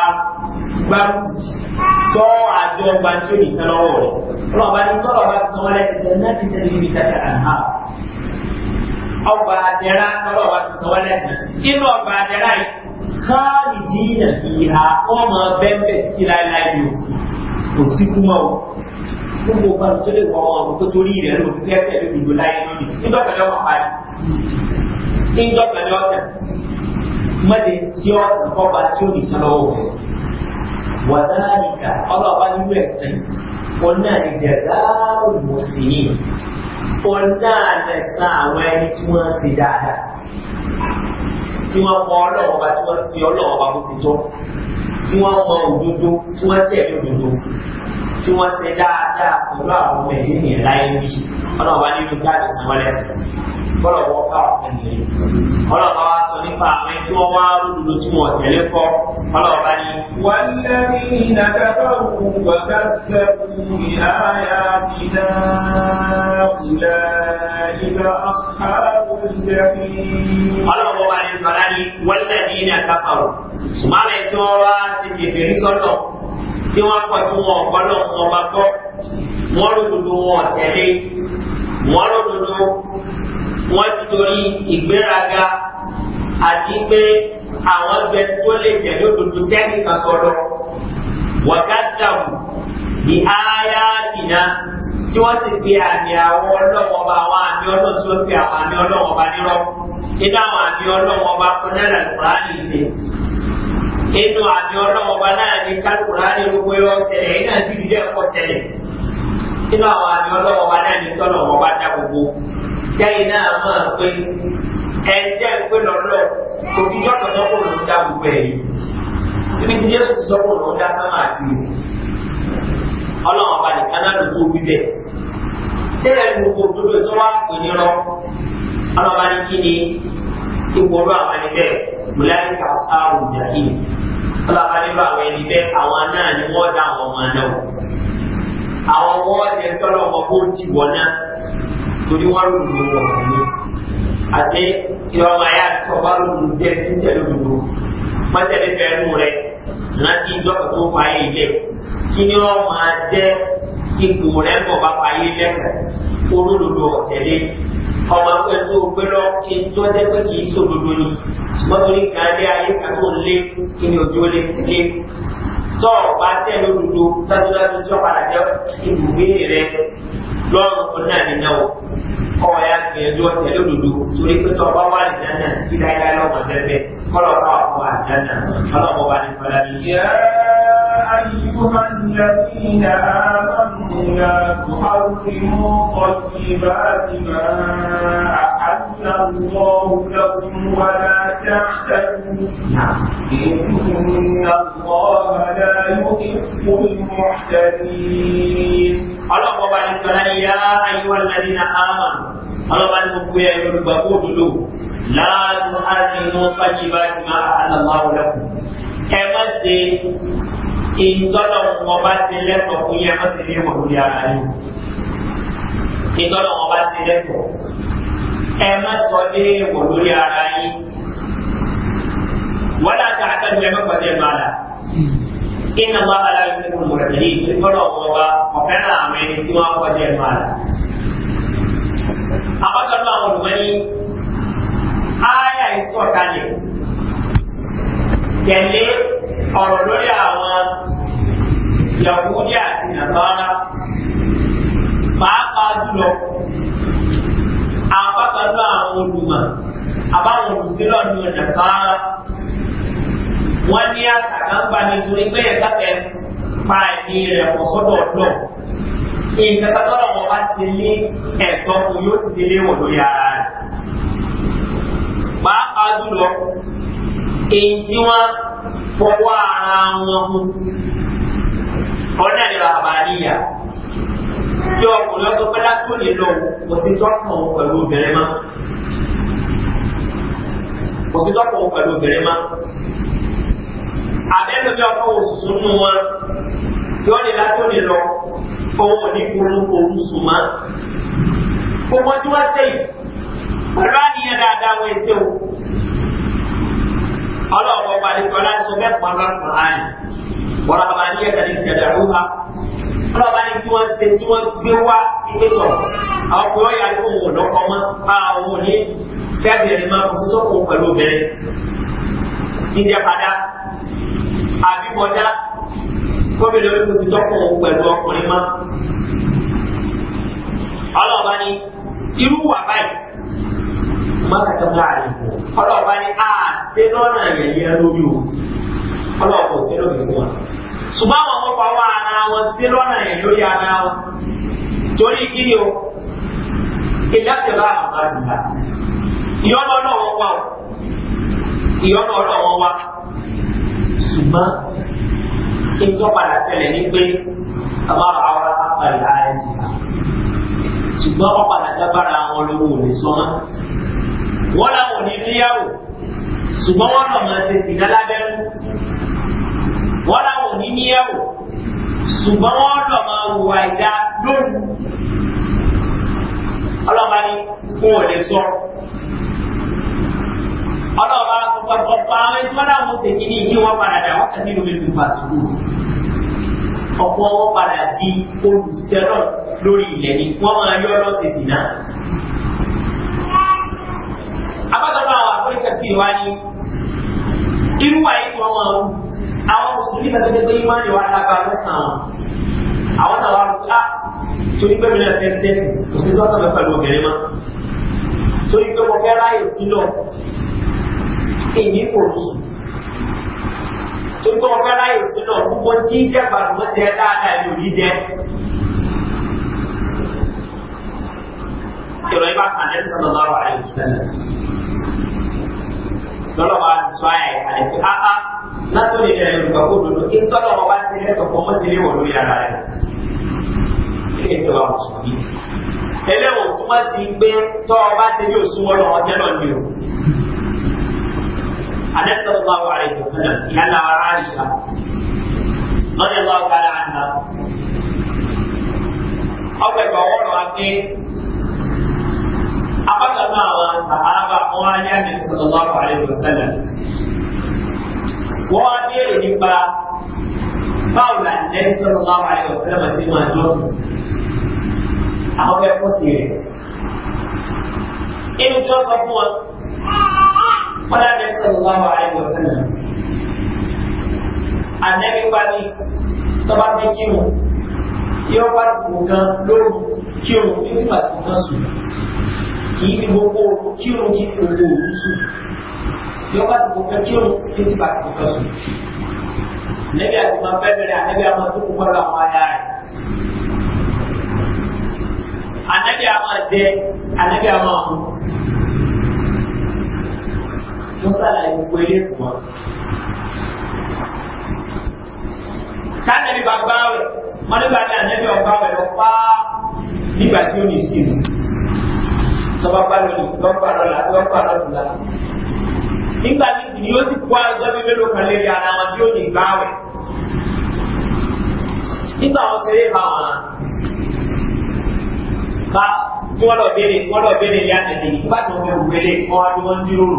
gbárùkù tó àjọ gba tí ó lè tán lọ́wọ́ rẹ̀ ọlọ́ọ̀bá ní tọ́lọ̀ bá ti sanwó lẹ́sẹ̀ náà ti tẹ̀lé ibi tàbí àná ọgbà àdẹ́rà tọ́lọ̀ bá ti sanwó lẹ́sẹ̀ inú ọgbà àdẹ́rà yìí káàdì dínà ìhà ọmọ bẹ́ẹ̀ bẹ́ẹ̀ gbogbo ọba tó lè wọ ọmọ tó torí rẹ ló fi ẹsẹ ló dùdú láyé lónìí níjọ kan ní ọmọ parí níjọ ọjà tí tí ó nìkan lọwọ rẹ wàdáàlìkà ọlọpàá nínú ẹsẹ wọn náà lè jẹ dáàbò mọ sí i wọn náà lè san àwọn ẹni tí wọn ṣe dáadáa tí wọn mọ ọlọpàá tí wọn tí wọ́n ṣe dáadáa pẹ̀lú àwọn ọmọ ẹ̀dín ní ẹ̀láyé bí ọlọ́ọ̀bá nínú jáde sanwó-ẹlẹ́ bọ́lọ̀ wọ́n fà ọ̀kan ní ọlọ́ọ̀bá wa sọ nípa àwọn tí wọ́n wá rúdùdù tí wọ́n tẹ̀lé kọ́ ọlọ́ọ̀bá ní. wọ́n lẹ́rí ìdàgbàbọ̀ wọ̀gá lẹ́kùn ìhàyà ti náà kùlẹ̀ ìgbà ọlọ́ọ̀bá wa ní sọ̀rọ̀ ní wọ́n lẹ́rí ìdàgbàbọ̀ tí wọ́n kọ́ tí wọ́n ọ̀gbọ́n náà wọ́n bá kọ́ wọ́n rò dodo wọn tẹ̀lé wọ́n rò dodo wọ́n ti torí ìgbéraga àti pé àwọn gbẹ tó lè tẹ̀lé òdodo tẹ́nìkan sọ̀rọ̀ wọ́n ká dàbò ní áyá tìǹà tí wọ́n ti fi àmì àwọn ọlọ́wọ́n bá àwọn àmì ọlọ́wọ́n tí wọ́n fi àwọn àmì ọlọ́wọ́n bá nírọ́ nínú àwọn àmì ọlọ́wọ́n bá kọ́ náírà lùkùránì ìṣe nínú àmì ọlọ́wọ́ wa náà ní kálukúrá ní gbogbo ẹ̀rọ tẹ̀lé iná sí ìdílé ẹ̀kọ́ tẹ̀lé nínú àwọn àmì ọlọ́wọ́ wa náà ní tọ́lọ̀ wọ́n bá dá gbogbo jẹ́yìn náà máa pé ẹ̀jẹ̀ pé lọ́lọ́ òbí yọ̀tọ̀ sọ́kò ló ń dá gbogbo ẹ̀ yìí síbi tí yẹ́sù ti sọ́kò ló ń dá sámà àti ìlú ọlọ́wọ́ wa nìkan náà ló tó wíbẹ̀ tẹ́lẹ̀ gbogbo òdodo tó wá pè ní rọ ọlọ́wọ́ wa ní kí ni ìwọ́rọ̀ àwọn ẹni bẹ́ẹ̀ mùláyìí kà sáà bàbá nípa àwọn ẹni bẹ́ẹ̀ àwọn náà ni wọ́n dá àwọn ọmọ náà wọ̀. àwọn wọ́n jẹ tọ́lọ̀ wọn bó ti wọ̀ náà torí wọ́n rò lò wọ̀ ní. àti ìwà máa yá tó bá rò lò jẹ́ tí ń jẹ́ lòdòdò. mọ́tẹ́lẹ́ fẹ́ nù rẹ̀ láti dọ́kọ̀ tó fa ayé ilé. kí ni wọ́n máa jẹ́ ipò rẹ̀ kọ̀ bá fa ayé lẹ́kọ̀ọ́ olólùdó ọmọ pé tó gbé lọ kí n tó jẹ́ pé kì í sòdodo ni ṣùgbọ́n torí kan dé ayé kan tó kí ni òjò lé lé tọ́ ọ̀pá tẹ̀ lódodo dájúdájú tí ọ̀pá àdájọ́ ibùgbé rẹ lọ́rùn kan náà ní náà kọ́ ya gbìyànjú ọ̀tẹ̀ lódodo torí pé tọ́ ọba wà nìjà náà sí dáadáa lọ́wọ́ tẹ́tẹ́ kọ́lọ̀ bá wà fún àjà náà ọlọ́mọ bá ní fọlá ní. yá ayúwa الذين آمنوا لا تحرموا طيبات ما أحل الله لكم ولا تعتدوا إن الله لا يحب المعتدين ọlọ́pọ̀ bá ní tọ́lá yá ayúwà lárí na ámà ọlọ́pàá ní gbogbo ẹ̀ yorùbá kó dúdú láàánú àdínú fájìbá ti máa àlàmà ọlọ́pù ẹ má ṣe ìtọ́lọ̀ wọn bá ti lẹ́tọ̀ọ́ fún yẹn má ṣe ní ìwọ̀n lórí ara yìí ìtọ́lọ̀ wọn bá wọ́n láti àtàlù ẹ má إن الله لا يحب المعتدين فلو هو وكان عامل سوى وجه المال أخذ الله المني آية ìsọ̀kalẹ̀ tẹ̀lé ọ̀rọ̀ lórí àwọn yahudi àti nasara pàápàá jùlọ àpapàá lọ àwọn olùmọ̀ àbáwọn olùsílọ̀ ní nasara wọ́n ní àtàkàǹgbà nítorí pé ẹ̀ka fẹ́ pa ẹ̀mí rẹ̀ pọ̀ sọ́dọ̀ ọ̀dọ̀ nǹkan tó tọ́lọ̀ wọn bá ti ní ẹ̀tọ́ kù yóò sì ti léwọ̀ lórí ara rẹ̀ pàápàá jùlọ èyí tí wọ́n fọwọ́ ara wọn mú ọ̀nà ìlà àbáníyà tí ọkùnrin ọsọ pé látó lè lọ òsítọ́kàn pẹ̀lú obìnrin mọ́ òsítọ́kàn pẹ̀lú obìnrin mọ́ àbẹ́lò bí ọkọ̀ òṣùṣù nù wọn lọ́ọ̀dẹ̀ látó lè lọ owó ní polówó oṣù má. gbogbo tí wọ́n sẹ́yìn pẹ̀lú àníyàn dáadáa wọ́n ṣe o. ọlọ́ọ̀bọ̀ balẹ̀kọ́ láṣọ mẹ́pàá lọ́pàá láàyè wọ́n àbá ní ẹ̀ka ní ìjẹ̀dàrú ha. ọlọ́ọ̀bá ní tí wọ́n ṣe tí wọ́n gbé wá ìgbé sọ̀rọ̀ àwọn ọkọ̀ ọ̀yà ló wò lọ́kọ̀ mọ́ bá òun ní fẹ́ẹ̀bì àbíkọjá gómìnà orí kò tọ́kọ̀ òun pẹ̀lú ọkùnrin mọ́. ọlọ́ọ̀bá ni irú wà báyìí mọ́kàtà láàrin ọlọ́ọ̀bá ni a ṣe lọ́nà ẹ̀yẹ lórí o ọlọ́ọ̀bá ò ṣe lórí fún wa. ṣùgbọ́n àwọn ọmọ wa ara wọn ṣe lọ́nà lórí ara wọn torí kí ni o ìdájọ́ bá àwọn bá ti gbà ìyọ́nà ọlọ́wọ́ wa o ìyọ́nà ọlọ́wọ́ wa. ṣùgbọ́n ìjọpadà sẹlẹ̀ ní pé àbára àwọn apàdé ààrẹ ti bá ṣùgbọ́n wọ́n padà jábára àwọn olówó òní sọ́mọ́ wọ́n làwọn òní níyàwó ṣùgbọ́n wọ́n lọ máa ṣe sìnà lábẹ́rú wọ́n làwọn òní níyàwó ṣùgbọ́n wọ́n lọ máa ìdá lóru ọlọ́ba ni kó o lè ọlọ́ọ̀bá ọ̀pọ̀lọpọ̀ àwọn ẹni tí wọ́n náà mú ṣe kí ní kí wọ́n padà dà wọ́n kàn nínú mímu fàṣíkù ọ̀pọ̀ wọn padà di olùsẹ́rọ̀ lórí ilẹ̀ ni wọ́n máa yọ ọlọ́sẹ̀ sí náà. abájọba àwọn àpẹẹrẹ sí wa ni irú wa yìí wọ́n máa wù àwọn mùsùlùmí kàtẹ́tẹ́ pé ìmọ̀ ni wọ́n alága lọ́sàn án àwọn náà wà lóko ah torí pé mi náà sẹ́sì kò sí tọ́ka èyí kò tù. Tókọ́ ọ̀gá láyé òtún náà gbogbo tí jẹ́ gbàgbọ́ jẹ dáadáa ni òní jẹ. Ìrọ̀ ibà kan lẹ́nu sọ̀rọ̀ lọ́wọ́ àyè òtúnlẹ̀. Lọ́lọ́wọ́ á ti sọ àyè àyè pé áá látọ̀ lè rẹ̀ lùkà kó dodo kí tọ́lọ̀ wọn bá ti lẹ́tọ̀ fún ọmọ sílé wọ̀ lórí ara rẹ̀. Ilé ìṣèwà mùsùlùmí. Ẹlẹ́wọ̀n tí wọ́n ti gbé tọ́ ọ bá ti ní òṣùwọ́n lọ́wọ́ Anas sallallahu alaihi wasallam yana wa Aisha radiyallahu ta'ala anha ọgbẹ ìgbàwọ ọ̀rọ̀ wa pé apákanú àwọn sàhábà wọn á yá ní sallallahu alaihi wasallam wọn á béèrè nípa báwo la ní sallallahu alaihi wasallam àti máa jọ́sìn àwọn fẹ́ kó sí rẹ̀ inú tí sọ fún wọn wọ́n láti ẹ̀sọ́ lọ́wọ́ àwọn àìwọ̀ sẹ́nà ànẹ́bí pani tọ́ba fi kírun yóò bá sìnkú kan lóru kírun ní sì máa sìnkú kan sùn kì í fi gbogbo kírun kí gbogbo òun sùn yóò bá sìnkú kan kírun ní sì máa sìnkú kan sùn ànẹ́bí àti máa bẹ́ẹ̀ bẹ̀rẹ̀ ànẹ́bí àwọn tó kú pẹ̀lú àwọn aya rẹ̀ ànẹ́bí àwọn jẹ ànẹ́bí àwọn àwọn mọ́sálà gbogbo ilé pọ̀. Tánàbí bá gbá rẹ̀, wọ́n nígbà ní ànẹ́bí ọgbà rẹ̀ lọ pa nígbà tí ó ní sí ìlú. Tọ́ba bá lónìí, lọ́pọ̀ àlọ́lá, lọ́pọ̀ àlọ́tùlá. Nígbà tí sì ni ó sì kó àjọ bí mélòó kan lérí ara wọn tí ó ní gbá rẹ̀. Nígbà wọn ṣeré bá wọn bá tí wọ́n lọ béèrè wọ́n lọ béèrè ìyá àtẹ̀lé ìgbà tí wọ́n fẹ́ wù wẹ́lẹ̀ wọ́n wá wọ́n ń díròrò.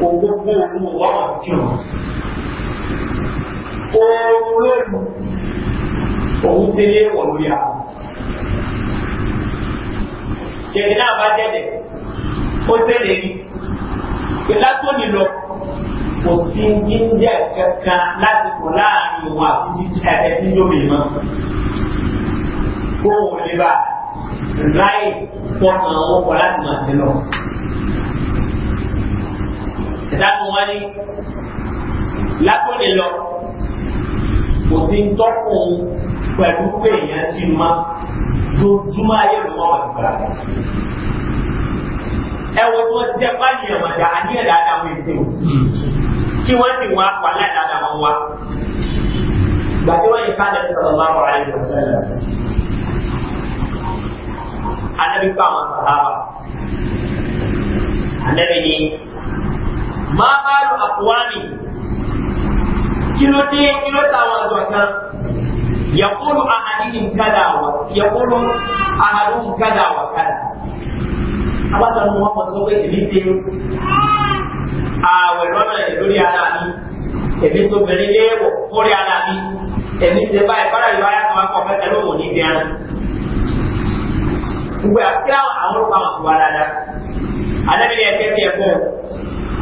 òun fún òun wà kírun oorun lóru òun ṣe lé wọ̀ lórí àwọn kẹ̀kẹ́ náà bá dẹ́dẹ̀ ó ṣẹlẹ̀ rí pé látòní lọ kò sí jíjẹ kankan láti pọ̀ láàrin òun àti ẹ̀ẹ́dínlómi mọ́ kó òun bá láì fọkàn òun láti máa ṣe lọ sìdáàbù wọn ní látòlè lọ kò sí ń tọ́kùn pẹ̀lú pé èèyàn ti mọ dojúmọ́ ayé ìwọ́n wà ní gbàgbà ẹ wo tí wọ́n ti jẹ́ báyìí ẹ̀wọ̀n dà á ní ẹ̀dá àdáwọ̀ èsì o kí wọ́n sì wọ́n apá láìdá àdáwọ̀ wa gbàdé wọ́n yìí ká lẹ́nu sọ̀rọ̀ máa wọ̀ ayé wọ̀ sẹ́lẹ̀ anábì pa àwọn sàhábà anábì ni máa bá lu àkúwámi kí ló dé kí ló ta àwọn àjọ kan yàkúrú ahadìní kádà wà yàkúrú ahadìní kádà wà kádà abájọ ni wọn kọ sọ pé èmi ṣe ààwẹ̀ lọ́nà lórí ara mi èmi tó bẹ̀rẹ̀ léèwọ̀ fórí ara mi èmi ṣe báyìí bára ìlú ayé kan kọ fẹ́ẹ́ lóhùn ní gẹ́rẹ́ gbogbo àti àwọn olùkọ́ àwọn tó wà dáadáa adábìlẹ̀ ẹ̀kẹ́ tiẹ̀ kọ́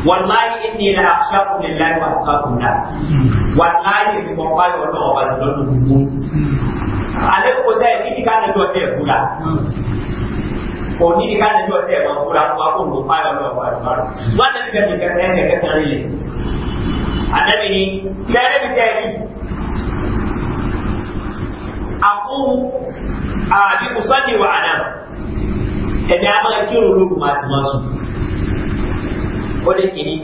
wallahi inni la akhshakum lillahi wa atqakum la hmm. wallahi ni mo pa yo lo ba lo lu bu hmm. ale ko da ni ti kana do te kula ko hmm. ni ti kana do te ba kula ko ko mo pa yo lo ba ba wala ni ka ni ka ne ka ta ni anabi ni kare bi ta aku a ah, bi usalli wa ana ẹni a máa kírun lóru máa ó lè kiri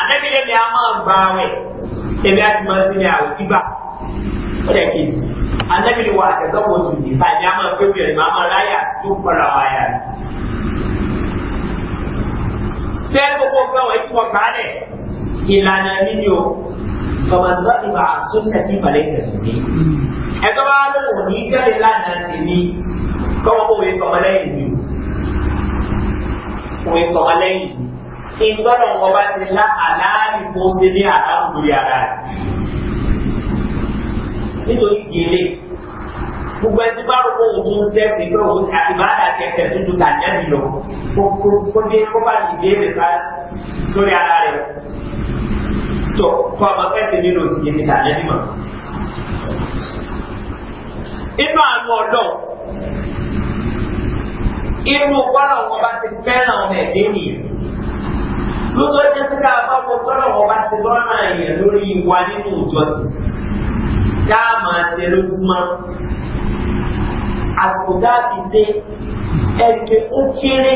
anabi lè ní a máa gba awẹ ẹbí àti máa sinmi àwọn ibà ó lè kiri anabi lè wà àtẹsọ́pọ̀ tù ní sáyẹn a máa pépè rẹ̀ máa ráyà tó kọ́ra wa yà rẹ̀. sẹ́ gbogbo fẹ́ wọ́n ti wọ̀ kálẹ̀ ìlànà mi ni o kọ̀mọ̀tò ìbà sọ́sẹ̀tì balẹ̀ ìṣẹ̀sùn mi ẹ̀tọ́ bá lóun ní jáde lánàá tèmi kọ́mọ́ bó wọ́n yẹ sọ́mọ lẹ́yìn mi wọ́n yẹ sọ́mọ lẹ́yìn mi ìgbọ́dọ̀ wọn bá ti lá àlàáàlì kó ṣe ní àlàáàlì lórí ara rẹ̀. nítorí gèlè gbogbo ẹtí bá rò kóhun tó ń sẹ́sì pé òun àti bá dà kẹ̀kẹ́ tuntun tà nẹ́bi lọ kó dé kó bá lè dé rẹ̀ sórí ara rẹ̀ tó kó ọmọ sẹ́sì nínú òsìkè ti tà nẹ́bi mọ̀. inú àánú ọ̀dọ́ inú kọ́lọ̀ wọn bá ti fẹ́ràn ọmọ ẹ̀dẹ́ nìyẹn lóòótọ́ jẹ́ sí ká bá wọ tọ́lọ̀ wọ́n bá ti lọ́nà yẹn lórí wa nínú ìjọsìn tá a máa ṣe lójúmọ́ àsìkò tá a fi ṣe ẹ̀kẹ́ ó kéré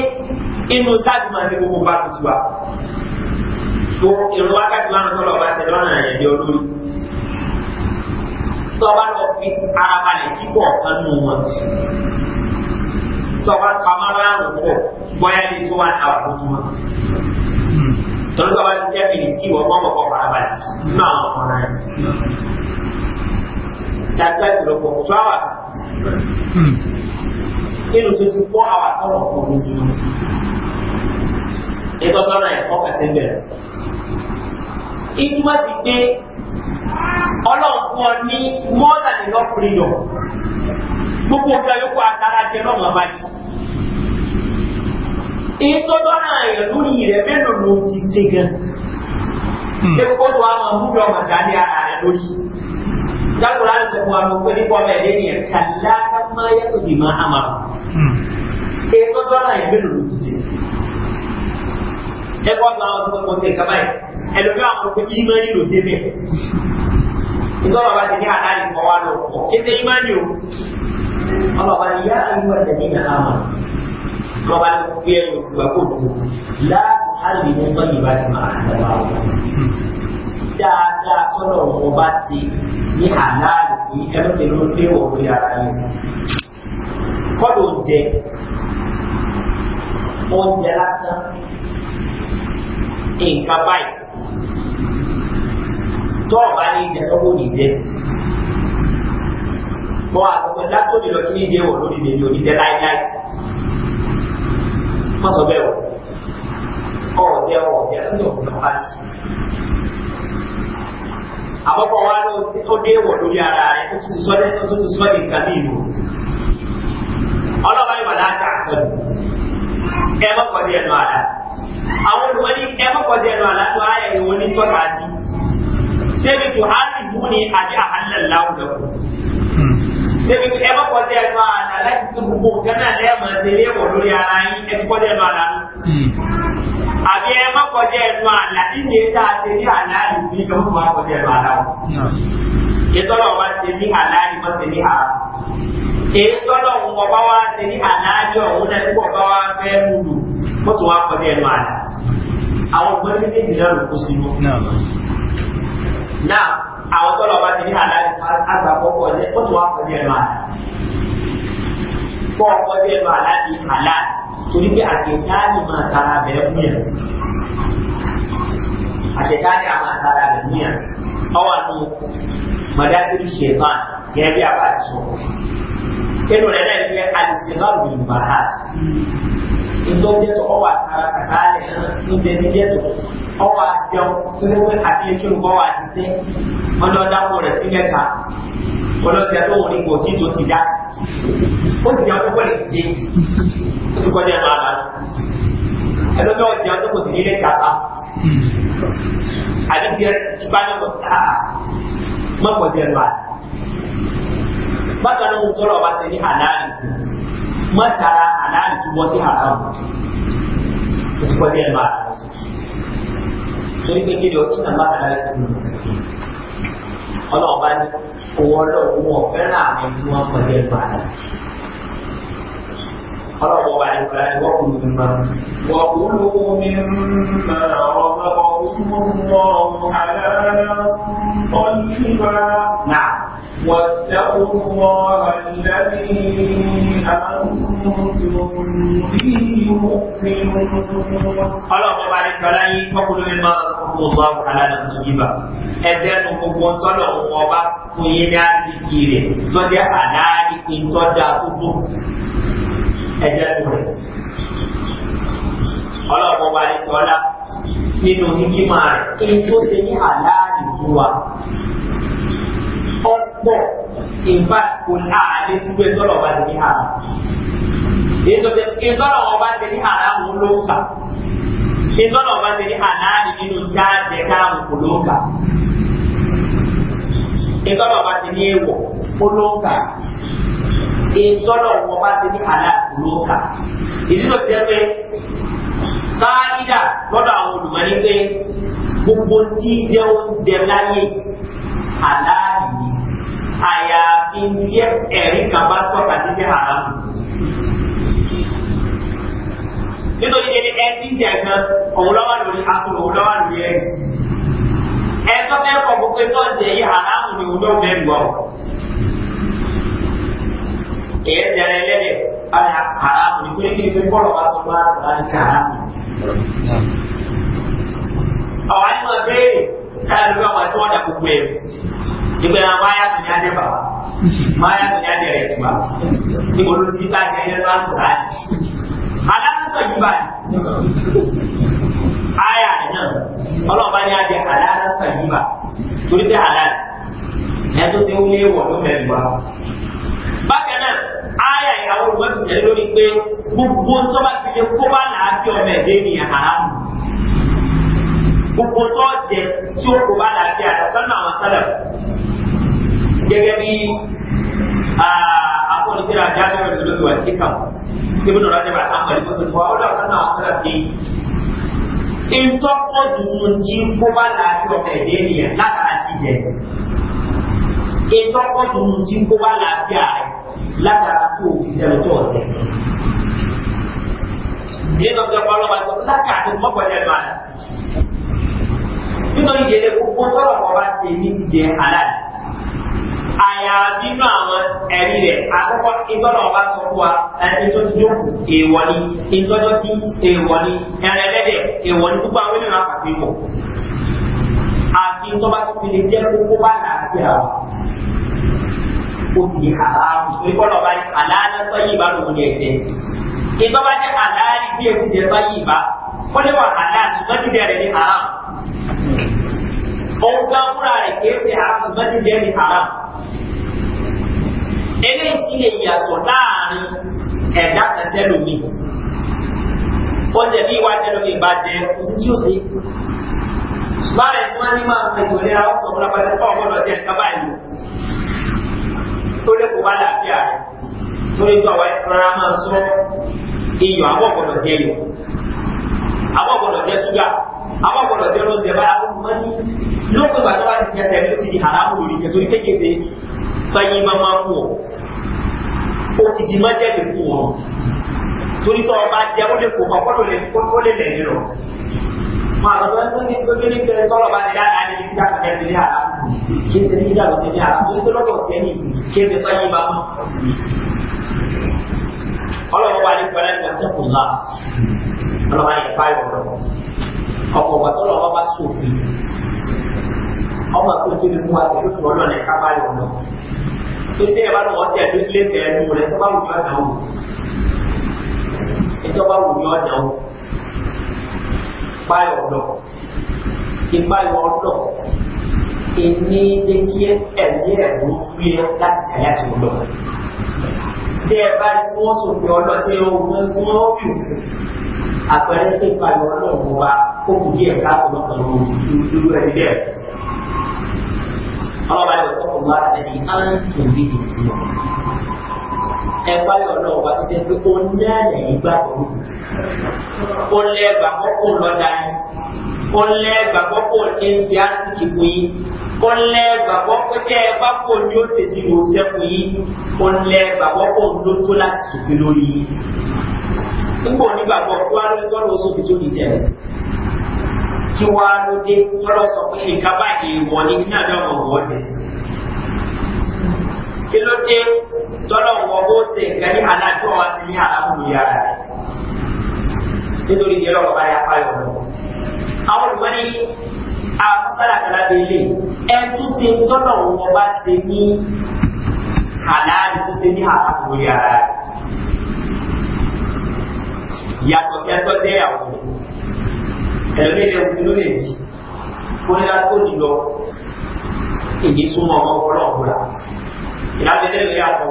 inú táàbì máa ní gbogbo bá tuntun wa tó ìrún wákàtí máa ń tọ́lọ̀ bá ti lọ́nà yẹn lé tọ́ba lọ fi ara balẹ̀ kíkọ̀ ọ̀kan nù wọn tọ́ba pamọ́ láàrùn pọ̀ ní tó wà ní àwọn àbójúmọ́ torí bàbá ti jẹ́ kí kí wọ́n kọ́ kọ́kọ́ fara balẹ̀ nínú àwọn ọmọ o that's why kò lọ pọ̀ two hours nínú twenty four hours ọ̀rọ̀ fún omi jù ẹgbẹ́ tó náà ẹ̀kọ́ kẹsẹ̀ bẹ̀rẹ̀ ìtumọ̀ ti gbé ọlọ́run fún ọ ní more than enough freedom gbogbo ọ̀gá yòókù àtàrà jẹ́ lọ́mọ abájú. ìtọ́jọ́ àyàn lórí rẹ̀ mẹ́nà ló ti ṣe gan. Ekoko tó a máa mú bí ọmọ dání ara rẹ̀ lórí. Jákòó láti sọ fún wa ló pé nípa ọmọ ẹ̀dẹ́ yẹn kàlá ká máa yàtọ̀ dì máa ha Ìtọ́jọ́ àyàn mẹ́nà ló ti ṣe. Ẹgbọ́n tó àwọn tó kọ́ sí ẹ̀ka báyìí. Ẹlòmí àwọn ọmọ pé kí máa nílò débẹ̀. o? wọ́n bá gbé ẹrù ìgbà kó dùn láti hàlì mú pẹ́lú bá ti máa ń lọ́wọ́ àwọn. dáadáa tọ́lọ̀ wọn bá ti ní àláàlú ní ẹlọ́sẹ̀ ló dé òru yàrá yẹn. kọ́dù oúnjẹ oúnjẹ lásán nǹkan báyìí tọ́ọ̀ bá ní ìjẹ sọ́kò ní bọ́ àtọ́kọ̀ látòdì lọ ní ìdíwọ̀ lórí ìdíwọ̀ ní jẹ láíláí má sọ bẹ́ẹ̀ o ọ̀jẹ̀ ọ̀jẹ̀ ńlọ ọ̀pá sí. àkọ́kọ́ wa ló ó dé wọ̀ lórí ara rẹ̀ ó tún ti sọ ó tún ti sọ nǹkan ní ìlú. ọlọ́ba yóò bàlá àtà àtọ́jú ẹ mọ́kọ̀ dé ẹnu àlá. àwọn olùwọ́ ní ẹ mọ́kọ̀ dé ẹnu débi ẹ bá kọjá ẹnu àlà láti fi gbogbo gánà lẹ́ẹ̀mọ̀ ṣẹlẹ̀ wọ̀ lórí ara yín ẹ ti kọjá ẹnu àlà mi. Hmm. àbí ẹ má kọjá ẹnu àlà níbi tá a ṣe ní àlà yìí bí ló ń fọ àkọjá ẹnu àlà wọn. Hmm. ìtọ́lọ̀ wa ṣe ní àlà yìí wọ́n ṣe ní àlà. èyí tọ́lọ̀ ń wọ bá wa ṣe ní àlà yìí ọ̀hún náà nígbà bá wa fẹ́ mú lò mọ́tò wa kọjá ẹnu àlà. àwọn ọmọ àwọn tọ́lọ̀ bá ti ní àdáyé àgbà pọ̀pọ̀ jẹ́ ó tún wá pọ̀ díẹ̀ lọ àlá. Pọ̀ pọ̀ díẹ̀ lọ àlá ni àlá torí pé àṣetáàlì máa tara bẹ̀rẹ̀ fún yẹn. Àṣetáàlì á máa tara bẹ̀rẹ̀ fún yẹn. Ọwọ́ nu mọ̀dájú ṣe máa yẹ bí abá ti sọ. Inú rẹ̀ náà ni àdìsíná lùlù bàrà. Ntọ́jẹ́ tó ọwọ́ àtàrà kàkálẹ̀ ń jẹ́ tó ọwọ́ àjẹun tó ní wọ́n àti ìkírun bọ́wọ́ àti sẹ́ ọlọ́dà kò rẹ̀ sí mẹ́ta ọlọ́dà tó wọlé kò sí tó ti dá ó ti jẹun tó kọ́ lè dé ó ti kọjá ẹ̀rọ àlá ẹlọ́dà ọ̀jẹ̀ ọ̀jẹ̀ kò sí nílé kàkà àti tiẹ̀ ti bá yọ̀ mọ́ kọjá ẹ̀rọ àlá bákan náà mo tọ́lọ̀ wá sí ní àlàyé má tara àlàyé tó bọ́ sí àlàyé ó ti kọjá ẹ̀rọ àlá torí pé kí ni ti nà má àlàyé tó bọ́ sí ọlọ́ọ̀bá ni owó ọlọ́ọ̀wọ́ fẹ́ràn àmì tí wọ́n pẹ̀lú ẹgbàá ọlọ́pọ̀ bá nípa ẹgbọ́kùn mímọ́. Wọ̀kúlù mímọ́ ọ̀rọ̀ واتقوا الله الذي أنتم به مؤمنون قال الله عليه وسلم فكل مما رزقكم الله حلالا طيبا ẹ̀dẹ́nu gbogbo ńtọ́lọ̀ wọn bá fún yín ní àdìgì rẹ̀ tọ́jà àdáàdì pé tọ́jà tó dùn ẹ̀jẹ̀ tó rẹ̀. ọlọ́pọ̀ wa ní kọ́lá nínú hikima rẹ̀ kí n tó ṣe ní àláàlì fún wa. ọ̀pọ̀ ìfà kò láàlì fún bẹ́ẹ̀ tọ́lọ̀ bá ti ní àlá. ètò ìtọ́lọ̀ wọn bá ti ní àlá mú ló ń kà. ìtọ́lọ̀ bá ti ní àláàlì nínú jáde káàmù kò ló ń kà. ìtọ́lọ̀ bá ti ní èèwọ̀ ó ló ń kà. ìtọ́lọ̀ wọn ti ní àláàlì ló kà ìdí tó jẹ́ pé sáyidà lọ́dọ̀ àwọn olùmọ̀ọ́ni pé gbogbo tí jẹ́ oúnjẹ láyé aláàbí àyàfi tí ẹ̀rí kan bá tọ́ka sí jẹ́ àràmù. nítorí ẹni ẹtí jẹ gan òun lọ́wọ́ lórí aṣọ òun lọ́wọ́ lórí ẹ̀rí. ẹ̀tọ́ fẹ́ kọ gbogbo ẹ̀tọ́ jẹ yìí àràmù ni òun lọ́wọ́ bẹ́ẹ̀ gbọ́. èyí jẹrẹ ẹlẹ́dẹ̀ẹ́ àlùkùránì haramu nítorí kí n fi bọ́lọ̀ wá sọ fún àlùkùránì haramu. àwọn àyè máa béèrè káyọ̀ lórí àwọn àti wọ́n dà gbogbo ẹ̀ ìgbẹ́ náà máa yàtọ̀ ní adé bàbá máa yàtọ̀ ní adé rẹ̀ tùmá níbo ló ti bá àti ẹ̀yẹ́ lọ́wọ́ àlùkùránì. alásùtọ̀ yìí báyìí aya náà ọlọ́ọ̀bá ní adé bákan náà ayé àyàwó ìwé tìjẹ́ lórí pé gbogbo tó bá ti jẹ kó bá làákì ọmọ ẹ̀dẹ́ ènìyàn haramu gbogbo tó jẹ tí ó kó bá làákì àtàkùn àwọn sálẹ̀ gẹ́gẹ́ bí akọ́nìtìrà jáde rẹ̀ lórí ìwà kíkà ibùdó rẹ̀ bá tán pẹ̀lú fún wa ó dàgbà náà wọ́n tẹ̀lé ìtọ́pọ̀ tuntun tí kó bá làákì ọmọ ẹ̀dẹ́ ètò ọkọ̀tù ń ti ń kó wá láàbíà rẹ̀ látara tó o fi sẹ́nu tó ọ̀tẹ̀. Nínú ọ̀gá ọlọ́ba sọ lákàtí mọ́gbọ̀dẹ̀ lọ àlà. Nítorí ìdílé gbogbo tọ́lọ̀ ọba ṣe ní ti jẹ aláàlá. Àyà nínú àwọn ẹ̀rí rẹ̀ àkọ́kọ́ ìtọ́lọ̀ ọba sọ fún wa ètò ti jó èèwọ̀ ni ìtọ́jọ́ tí èèwọ̀ ni ẹ̀rẹ̀ lẹ́dẹ̀ èèwọ̀ ni gbogbo àwọn ènìyàn àpapọ̀ ìwọ̀. Àfi tó bá ti fi lè jẹ́ gbogbo wà láàbíà wa ó ti di haramu oníkọ́lọ̀ bá ní àlàálẹ̀ báyìí bá lòun ní ẹ̀jẹ̀ ìgbà bá jẹ́ àlàálẹ̀ bí èsì jẹ́ báyìí bá ó lè wà àlàálẹ̀ ṣùgbọ́n ti bẹ̀rẹ̀ ní haramu òun gan fúnra rẹ̀ kìí ṣe haramu ṣùgbọ́n ti jẹ́ ní haramu eléyìí ti lè yàtọ̀ láàrin ẹ̀dá kan tẹ́lómi oúnjẹ bí ìwà tẹ́lómi bá jẹ oṣù tí ó ṣe báyìí tí wọ́n ní máa ń pẹ̀tọ̀ ní ara ó sọ fún abájá fún jẹ́ nǹkan báyìí tó lè kó wá láàfíà rẹ̀ torí tó àwọn ẹ̀rọ máa sọ iyọ̀ àwọn ọ̀gbọ̀dọ̀ jẹ yọ̀ àwọn ọ̀gbọ̀dọ̀ jẹ ṣúgà àwọn ọ̀gbọ̀dọ̀ jẹ lóúnjẹ báyà ó mọ́ ní lókè ìgbà tó bá ti jẹ tẹ̀lé ó ti di haramu lórí jẹ torí kékeré báyìí máa máa wù ọ́ ó ti di májẹ̀lẹ̀ fún wọn torí tó ọba jẹ ó lè kó ọkọ́ lè lẹ́yìn lọ. Maksudnya itu ini dari kalau bandiran ada di kita pakai sini haram. Kita ini tidak sini haram. Itu lo kok sini. Kita tanya bang. Kalau mau balik balik baca pula. Kalau balik balik orang. Apa betul apa masuk? Apa kunci rumah itu kalau nak kapal orang. Kita yang baru hotel duit lebar, mulai sebab rumah tahu. Itu baru rumah tahu báyọ̀ ọ̀dọ̀ ìbáyọ̀ ọ̀dọ̀ ìní jẹ́ kí ẹ̀mí ẹ̀rú fi ẹ láti tẹ̀lé àti ọ̀dọ̀ tí ẹ bá tí wọ́n sòfin ọ̀dọ̀ tí ó wọ́n tí wọ́n bì wù àpẹẹrẹ tí ìbáyọ̀ ọ̀dọ̀ mú wa kó ẹgbẹ́ yọ̀ náà wá sí pé ó ní àlẹ́ ìgbàgbọ́ ó lẹ́gbàá kọ́kọ́ lọ́dà yìí ó lẹ́gbàá kọ́kọ́ ní ti àsìkò yìí ó lẹ́gbàá kọ́kọ́ tẹ́ ẹ bá kò ní ó tètè lò sẹ́kù yìí ó lẹ́gbàá kọ́kọ́ ló tó láti sòfin lórí yìí. nígbà onígbàgbọ́ tó wá lórí tọ́lọ́ oṣù tó di tẹ̀lé tí wàá ló dé tọ́lọ́ sọ pé nǹkan báyìí wọ̀ ní nínú àdáwọ̀ wọ̀ tẹ̀lé kí ló dé tọ́lọ̀ wọ́n bó ṣe nǹkan ní aláàjọ wa sí ní aláàbùnú yàrá rẹ̀ nítorí ìdí ọlọ́wọ́ bá yà fáyọ̀ lọ. àwọn olùkọ́ ní àkọsálà kan lábẹ́ ilé ẹ tún ṣe tọ́lọ̀ wọ́n bá ṣe ní aláàjọ tó ṣe ní aláàbùnú yàrá rẹ̀. yàtọ̀ kí ẹ tọ́ jẹ́ àwọn ẹlẹ́dẹ̀ òkúlú lè jí kó ní látó nílọ èyí súnmọ́ ìdájẹ́lẹ́ ìwé àtọ̀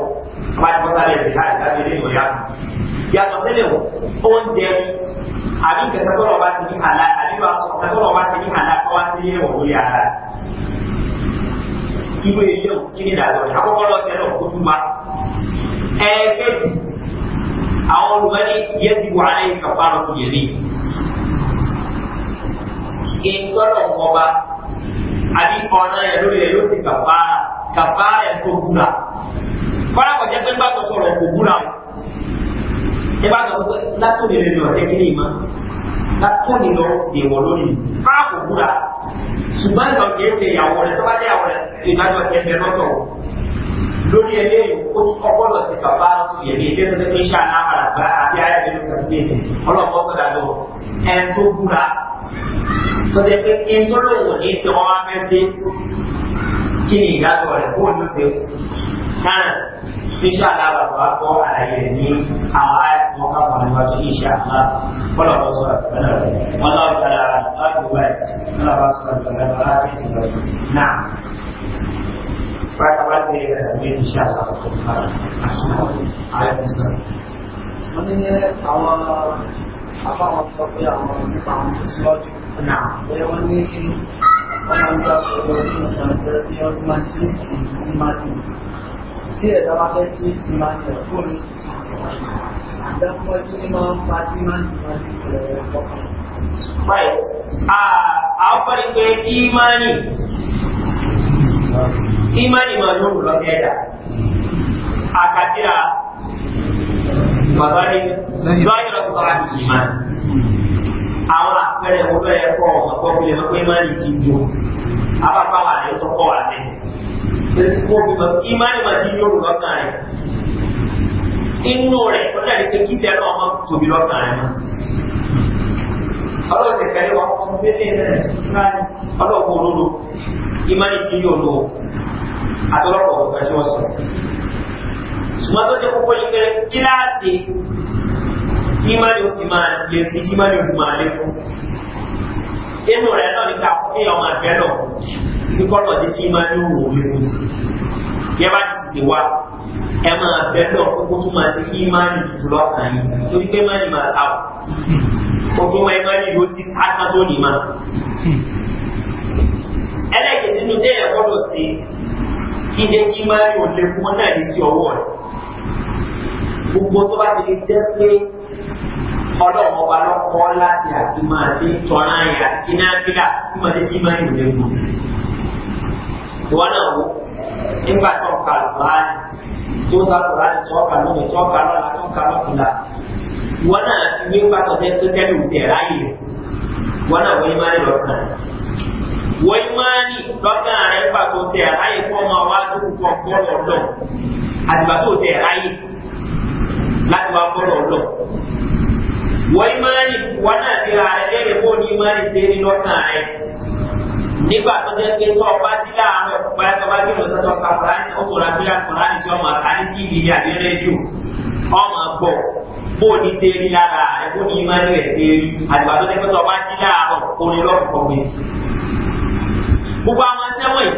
bá ti bọ́sá lẹ̀ bìhá ìdájẹ́lẹ́ ìwé àtọ̀. yàtọ̀ sílẹ̀ oúnjẹ àbí kẹsàtọ̀rọ̀ bá ti ní àlá àbí wàá sọ kẹsàtọ̀rọ̀ bá ti ní àlá kọ́ wá sí ilé o lé ara. ìwé ilé òkú kí ni ìdájọ́ rẹ̀ àkọ́kọ́ lọ tẹ́lẹ̀ òkú tún wá. ẹ̀ẹ́dẹ́gì àwọn olùmọ́ni yẹ́ ti wà ní ìkàfà lọ́kùnrin yẹn ní. ìtọ́lọ̀ ọba àbí ọ̀nà yẹn lórí rẹ̀ yóò ti kàfàrà kàfàrà yẹn tó búra kọ́lá kò jẹ́ pé bá tó sọ̀rọ̀ kò búra o ẹ bá tó pé látòlè lè lọ kékeré ma látòlè lọ dèwọ̀ lónìí kọ́lá kò búra ṣùgbọ́n ìlọ kìí ṣe ìyàwó rẹ̀ tó bá dé ìyàwó rẹ̀ ìdájọ́ ẹ̀ lórí eléyìí ó ọgbọ́dọ̀ ti kàbá yẹ̀mí ilé tó ti pín ṣáà náà padà gbá àbí ayé ìlú kàbíyèsí ọlọ́pọ̀ sọ̀dà tó ẹn tó búra tó ti pé ẹn tó lòun ní ti ọwọ́ mẹ́tí kí ni ìdájọ́ rẹ̀ kó ló ṣe kánà iṣẹ́ alábàbà kọ́ àlàyé rẹ̀ ní àwọn àìsàn kápá níwájú iṣẹ́ àlá ọlọ́pọ̀ sọ̀rọ̀ pẹ̀lú rẹ̀ wọn náà gbára láti wáyé ọlọ́pọ̀ sọ̀rọ̀ pẹ̀lú rẹ̀ láti ṣèlú náà fatawa da ya rasu yin sha a suna alaƙisa wani ne àwọn afáwọn sọ pé àwọn nípa àwọn síwájú náà pé wọ́n ní wọ́n ń gbà pé wọ́n ní ìdájọ́ ní ọdún máa tí tí ń máa dùn tí ẹ̀dá wá fẹ́ tí Ah, àwọn fẹ́ pé ìmánì imani ma nuru lọ́jọ́ ẹ̀dá àkàtìrà bàbá ní lọ́yọ̀ lọ́tọ̀ bá ní imani àwọn àpẹẹrẹ ọdọ ẹ̀kọ́ ọ̀pọ̀pọ̀lẹ̀ ọ̀pọ̀ imani ti ń jó abáfà wà ní ọtọ́ kọ́ wà ní imani ma ti ń yóò lọ́kàn rẹ̀ inú rẹ̀ ó dàbí pé kí sẹ́nu ọmọ tòbí lọ́kàn rẹ̀ mọ́ ọlọ́ọ̀tẹ̀ kẹrẹ́wà ọmọ mẹ́lẹ̀ náà ọlọ́ọ̀kọ̀ olóró imani ti ń yóò àtọ́lọ́pọ̀ ọ̀gá tí wọ́n sọ. ṣùgbọ́n tó jẹ́ púpọ̀ yìí pé kíláàsì tí máa yóò fi máa lè sí tí máa yóò fi máa lé fún. inú rẹ̀ náà nípa kéèyàn máa bẹ́ lọ kí kọ́lọ̀ ní kí máa yóò wò léwu sí. yẹ bá ti ti wá o. kókó máa máa ní yóò sí sáà tó ní máa. ẹlẹ́gbẹ̀ẹ́ sí i kí jẹ́ kí máa yàn lẹ́kún náà lè ti ọwọ́ rẹ̀ gbogbo tó bá ti lè jẹ́ pé ọlọ́run ọba lọ́kọ́ láti àti máa ti tọ́ra ẹ̀ àti kí náà bílà kí máa ti kí máa yàn lẹ́kún ìwọ náà wò nígbà tó ń ka lùbáàlì tó sábà ní tó ọkà lónìí tó ọkà lọ́la tó ọkà lọ́tùlá ìwọ náà nígbà tó ṣe pé kẹ́lù ti ẹ̀ ráyè rẹ̀ ìwọ náà wọ́n yí máa ní lọ́gán rẹ̀ nígbà tó ṣe àráyè fún ọmọ wa tó kú kọ́ bọ́ọ̀lù ọ̀dọ́ àtìgbà tó ṣe àráyè láti wá bọ́ọ̀lù ọ̀dọ́. wọ́n ìmánì wọn náà ti ra rẹ̀ lẹ́yìn fún ní ìmánì ṣe ní lọ́gán rẹ̀ nígbà tó jẹ́ pé tó ọba sí láàárọ̀ báyà tó bá gbé lọ sọ́tọ̀ ọ̀ka kọ̀láńtì ó tó ra bíra kọ̀láńtì sí ọmọ àkáńtì tíìbì ní àbí rédíò ọmọ gbọ̀ bó ní ṣe rí lára rẹ̀ bó ní ìmánì rẹ̀ ṣe rí àtìgbà tó jẹ́ pé tó ọba sí láàárọ̀ orin lọ́kùnkùn gbogbo àwọn sẹ́wọ̀n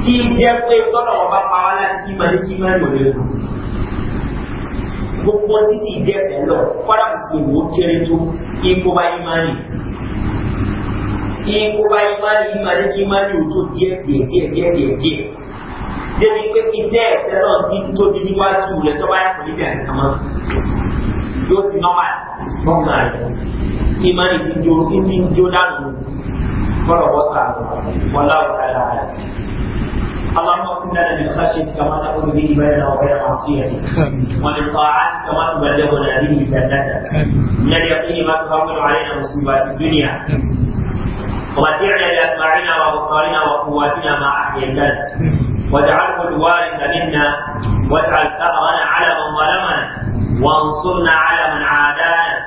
tí jẹ́ pé tọ́lọ̀ ọba pa wá láti kí máa ní kí máa lò lẹ́nu gbogbo títí jẹ́ ẹ̀sẹ̀ lọ kọ́dà mùsùlùmí ó kéré tó ikú bá yí máa nì ikú bá yí máa nì máa ní kí máa lò tó díẹ̀ díẹ̀ díẹ̀ díẹ̀ díẹ̀ díẹ̀ débi pé iṣẹ́ ẹ̀sẹ̀ náà ti tóbi níwájú rẹ̀ tó bá yàtọ̀ níbi àyíká mọ́ yóò ti nọ́mà bọ́ọ̀mù rẹ̀ kí máa ní ti jó dànù مرة وسعة والله تعالى أعلم اللهم اقسم لنا من خشيتك ما تحول به بيننا وبين معصيتك ومن طاعتك ما تبلغنا به جنتك من اليقين ما تهون علينا مصيبات الدنيا ومتعنا لاسماعنا وابصارنا وقواتنا ما احييتنا واجعله الوارث منا واجعل ثارنا على من ظلمنا وانصرنا على من عادانا